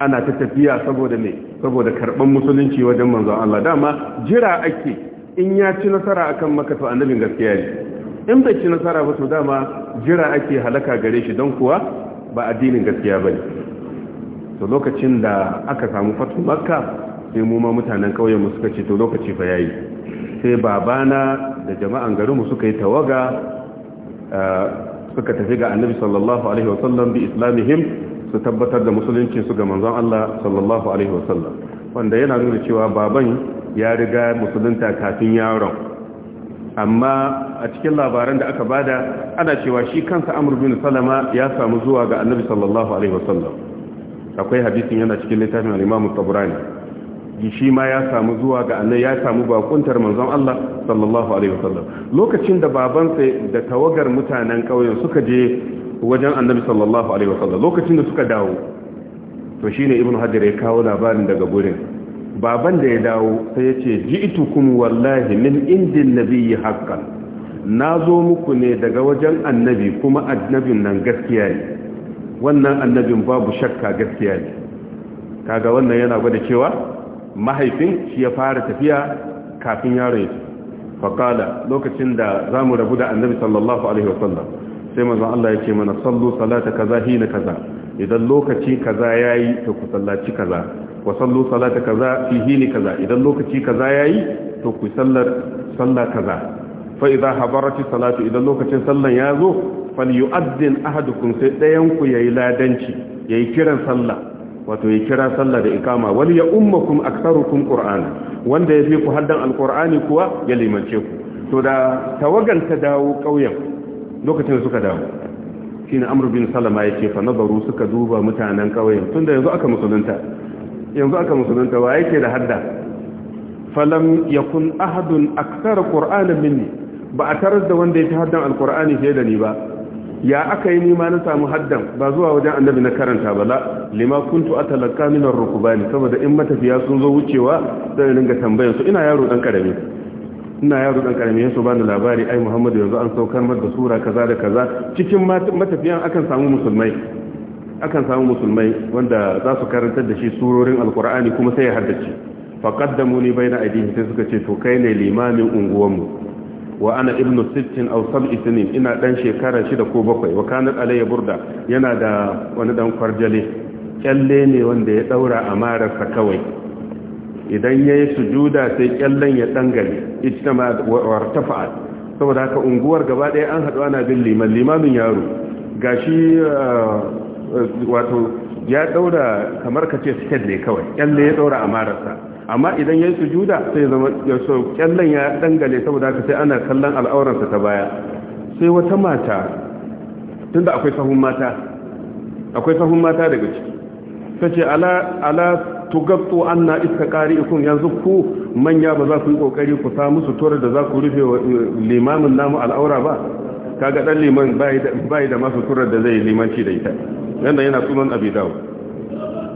ana ta tafiya saboda me saboda karban musulunci wajen manzon Allah dama jira ake in ya ci nasara akan maka to annabin gaskiya ne in bai ci nasara ba to dama jira ake halaka gare shi don kuwa ba addinin gaskiya bane to lokacin da aka samu fatu makka sai mu ma mutanen kauyen mu suka ce to lokaci fa yayi sai babana da jama'an garin mu suka yi tawaga eh, suka tafi ga annabi sallallahu alaihi wasallam bi islamihim su tabbatar da musulunci su ga manzon Allah sallallahu alaihi wasallam wanda yana nuna cewa baban ya riga musulunta kafin yaron amma a cikin labaran da aka bada ana cewa shi kansa Amr bin Salama ya samu zuwa ga Annabi sallallahu alaihi wasallam akwai hadisin yana cikin littafin al-Imam Tabrani shi ma ya samu zuwa ga annabi ya samu bakuntar manzon Allah sallallahu alaihi wasallam lokacin da babansa da tawagar mutanen kauyen suka je wajen annabi sallallahu alaihi wasallam lokacin da suka dawo to shine ibnu hajar ya kawo labarin daga gurin baban da ya dawo sai ya ce ji'tukum wallahi min indin nabiyyi haqqan nazo muku ne daga wajen annabi kuma annabin nan gaskiya ne wannan annabin babu shakka gaskiya ne kaga wannan yana gwada cewa mahaifin shi ya fara tafiya kafin yaro ya faqala lokacin da zamu rabu da annabi sallallahu alaihi wasallam sai manzon Allah ya ce mana sallu salata kaza hina kaza idan lokaci kaza yayi to ku sallaci kaza wa sallu salata kaza fi hini kaza idan lokaci kaza yayi to ku sallar sallah kaza fa idza habarati salatu idan lokacin sallan ya zo fal falyu'addin ahadukum sai dayan ku yayi ladanci yayi kiran salla wato ya kira salla da ikama wani ya ummakum aktsarukum qur'ana wanda ya fi ku haddan alqur'ani kuwa ya limance ku to da tawagan ta dawo kauyen lokacin da suka dawo shine amur bin salama ya ce fa nazaru suka duba mutanen tun tunda yanzu aka musulunta yanzu aka musulunta wa yake da hadda falam kun ahadun akthar qur'ana minni ba a tarar da wanda ya fi haddan alkur'ani fiye da ni ba ya aka yi nima na samu haddan ba zuwa wajen annabi na karanta ba la lima kuntu atalaka minar rukubani saboda in matafiya sun zo wucewa zan ringa tambayar su ina yaro dan karami ina yaro dan karami ya so bani labari ai muhammadu yanzu an saukar mar da sura kaza da kaza cikin matafiyan akan samu musulmai akan samu musulmai wanda za su karantar da shi surorin alkur'ani kuma sai ya haddace faqaddamu ni baina addini sai suka ce to kai ne limamin unguwanmu wa ana ibnu sittin aw sab'i sinin ina dan shekara shida ko bakwai wa kanat alayya burda yana da wani dan kwarjale kyalle ne wanda ya daura amararsa kawai idan ya yi sujuda sai kyallon ya dangane ita ma wartafa saboda haka unguwar gaba ɗaya an haɗu ana bin liman limanin yaro shi eh, wato ya ɗaura kamar ka ce sket ne kawai kyallon ya ɗaura a mararsa amma idan ya yi sujuda sai ya so kyallon ya dangane saboda haka sai ana kallon al'auransa ta baya sai wata mata tunda akwai sahun mata akwai sahun mata daga ciki ta ce ala gabto anna istiqari'ikum yanzu ku manya ba za ku yi kokari ku samu sutura da za ku rufe eh, limamin namu al'aura ba kaga dan liman bai da masu sutura da zai limanci da ita yanda yana sunan abi dawo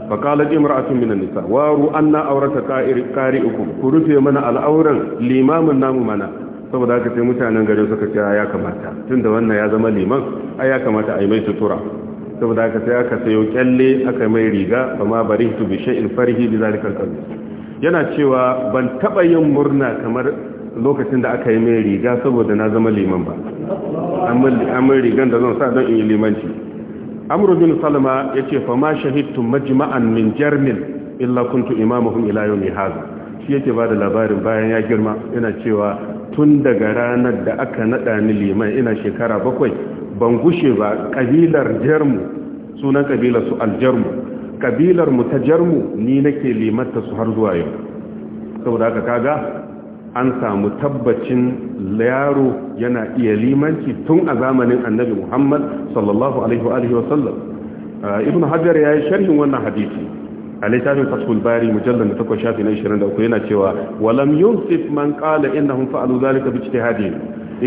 fa qalat imra'atun minan nisa waru anna awrata qari'ikum ku rufe mana al'auran limamin namu mana saboda haka sai mutanen gari suka ce ya kamata tunda wannan ya zama liman ai ya kamata a yi mai sutura saboda aka sai aka sayo kyalle aka mai riga amma bari tu bi shay'in farhi bi zalika al yana cewa ban taba yin murna kamar lokacin da aka yi mai riga saboda na zama liman ba an mai rigan da zan sa don in yi limanci amru bin salama yace fa ma shahidtu majma'an min jarmil illa kuntu imamuhum ila yawmi hadha shi yake ba da labarin bayan ya girma yana cewa tun daga ranar da aka naɗa ni liman ina shekara bakwai ban gushe ba kabilar jarmu sunan kabilar su aljarmu kabilar mu ta jarmu ni nake limanta su har zuwa yau saboda haka kaga an samu tabbacin yaro yana iya limanci tun a zamanin annabi muhammad sallallahu alaihi wa sallam uh, ibn hajar ya yi sharhin wannan hadisi a littafin fathul bari mujallar da takwas shafi na 23 yana cewa walam yusuf man qala innahum fa'alu zalika bi ijtihadi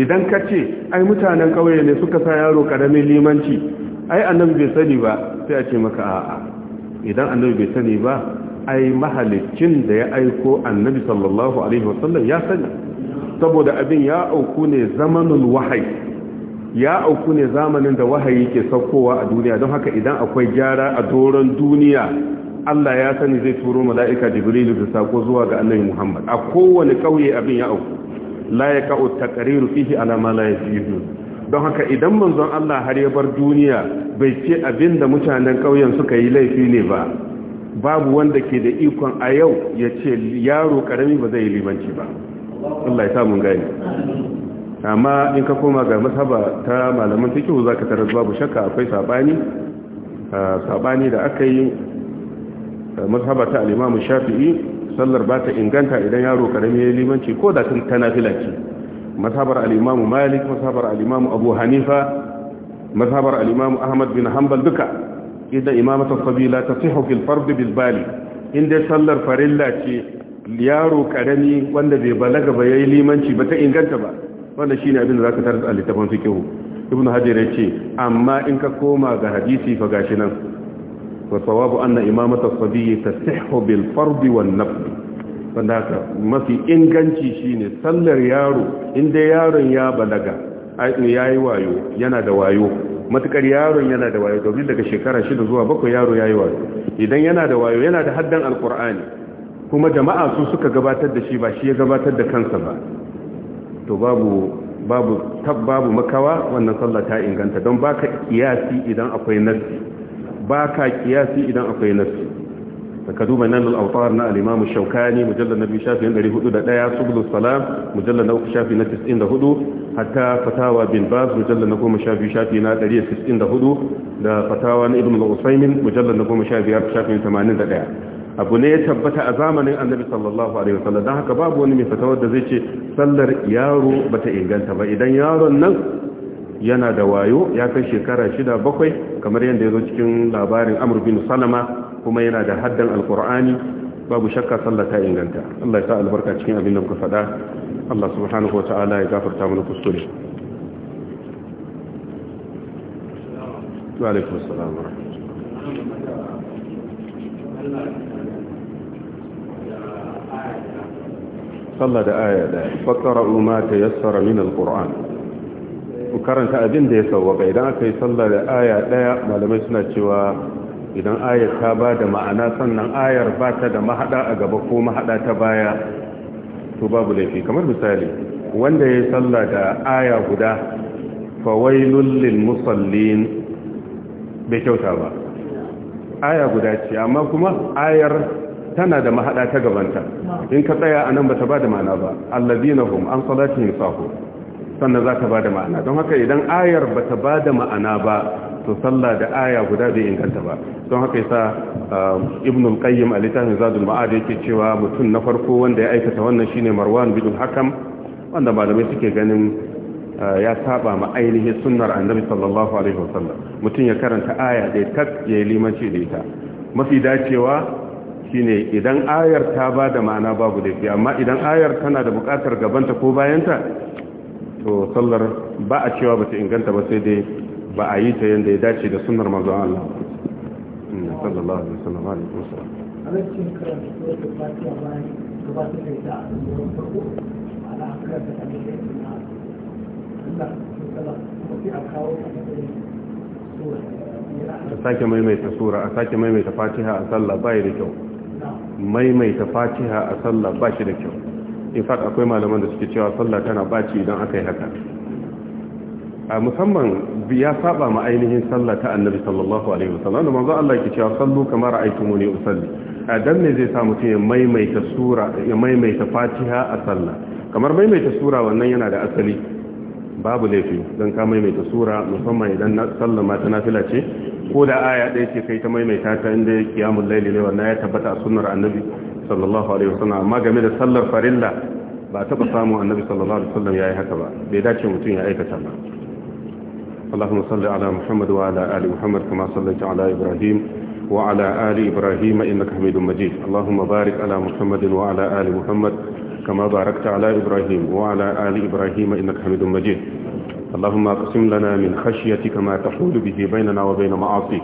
idan ka ce ai mutanen kauye ne suka sa yaro karamin limanci ai annabi bai sani ba sai a ce maka a'a idan annabi bai sani ba ai mahalicin da ya aiko annabi sallallahu alaihi wasallam ya sani saboda abin ya auku ne zamanul wahayi ya auku ne zamanin da wahayi ke saukowa a duniya don haka idan akwai gyara a doron duniya Allah ya sani zai turo mala'ika jibrilu da sako zuwa ga Allah Muhammad a kowane kauye abin ya auku la yakau taqriru fihi ala ma la don haka idan manzon Allah har ya bar duniya bai ce abin da mutanen ƙauyen suka yi laifi ne ba babu wanda ke da ikon a yau ya ce yaro ƙarami ba zai yi limanci ba Allah ya samun gani amma in ka koma ga masaba ta malaman fikihu zaka tarar babu shakka akwai sabani ah, sabani da aka yi mazhaba ta al-imam shafi'i sallar ba ta inganta idan yaro karami ya limanci ko da tun tana filaci mazhabar al-imam malik mazhabar al-imam abu hanifa mazhabar al-imam ahmad bin hanbal duka idan imamatu sabila tasihu fil fard bil bali inda sallar farilla ce yaro karami wanda bai balaga ba yayi limanci ba ta inganta ba wanda shine abin da zaka tarar da littafin fiqh ibnu hajar ya ce amma in ka koma ga hadisi fa gashi nan والصواب أن إمامة الصبي تصح بالفرض والنفل فذاك ما في إنغانشي شيني صلر يارو إن دي يارو يا بلغا yayi wayo yana da wayo matukar yaron yana da wayo domin daga shekara shida zuwa bakwai yaro ya yi wayo idan yana da wayo yana da haddan alkur'ani kuma jama'a su suka gabatar da shi ba shi ya gabatar da kansa ba to babu babu tabbabu makawa wannan sallah ta inganta don baka kiyasi idan akwai nasi ba ka kiyasi idan akwai nafsi da ka duba nan al'autar na al'imamu shaukani mujallar na biyu shafi na da 401 subulu salam mujallar na uku shafi na 94 hatta fatawa bin baz mujallar na goma shafi shafi na 194 da fatawa na ibn al'usaimin mujallar na goma shafi shafi na 81 abu ne ya tabbata a zamanin annabi sallallahu alaihi wasallam don haka babu wani mai fatawar da zai ce sallar yaro bata inganta ba idan yaron nan yana da wayo ya kai shekara shida bakwai kamar yadda ya zo cikin labarin amur bin salama kuma yana da haddan alkur'ani babu shakka sallah ta inganta Allah ya sa albarka cikin abin da muka faɗa Allah subhanahu ta'ala ya gafarta mana kuskure صلى alaikum assalam wa rahmatullahi sallah da aya da min ku karanta abin da ya sauwaka idan aka yi sallar da aya daya malamai suna cewa idan ayar ta ba da ma'ana sannan ayar ba ta da mahada a gaba ko mahada ta baya to babu laifi kamar misali wanda ya yi sallah da aya guda fawai lullin musallin bai kyauta ba aya guda ce amma kuma ayar tana da mahada ta gabanta in ka tsaya a nan ba ta ba da ma'ana ba allazinahum an salatihim sahun sannan za ta ba da ma'ana don haka idan ayar ba ta ba da ma'ana ba to sallah da aya guda bai inganta ba don haka yasa um, ibn al-qayyim a littafin zadul ma'ad yake cewa mutum na farko wanda ya aikata wannan shine marwan bin hakam wanda malamai suke ganin uh, ya saba ma ainihin sunnar annabi sallallahu alaihi wasallam mutum ya karanta aya da tak ya limanci da ita mafi dacewa shine idan ayar ta ba da ma'ana babu da amma idan ayar tana da bukatar gabanta ko bayanta to sallar ba a cewa ba ta inganta ba sai dai ba a yi ta yadda ya dace da sunar mazu Allah sallallahu alaihi wasallam alaihi wasallam a sake maimaita sura a sake maimaita fatiha a sallah bai da kyau maimaita fatiha a sallah ba shi da kyau in fact akwai malaman da suke cewa sallah tana baci idan aka yi haka a musamman ya saba ma ainihin sallah ta annabi sallallahu alaihi wasallam da manzo Allah yake cewa sallu kamar ra'aytumuni usalli dan ne zai sa mutum ya maimaita sura ya maimaita fatiha a sallah kamar maimaita sura wannan yana da asali babu laifi don ka maimaita sura musamman idan sallar mata nafila ce ko da aya ɗaya ce kai ta maimaita ta inda ya kiyamun laili ne wannan ya tabbata a sunnar annabi sallallahu alaihi wasallam amma game da sallar farilla ba taba samu annabi sallallahu alaihi wasallam yayi haka ba bai dace mutun ya aikata ba Allahumma salli ala Muhammad wa ala ali Muhammad kama sallaita ala Ibrahim wa ala ali Ibrahim innaka Hamidum Majid Allahumma barik ala Muhammad wa ala ali Muhammad kama barakta ala Ibrahim wa ala ali Ibrahim innaka Hamidum Majid Allahumma qsim lana min khashyatika ma tahulu bihi bainana wa bain ma'asik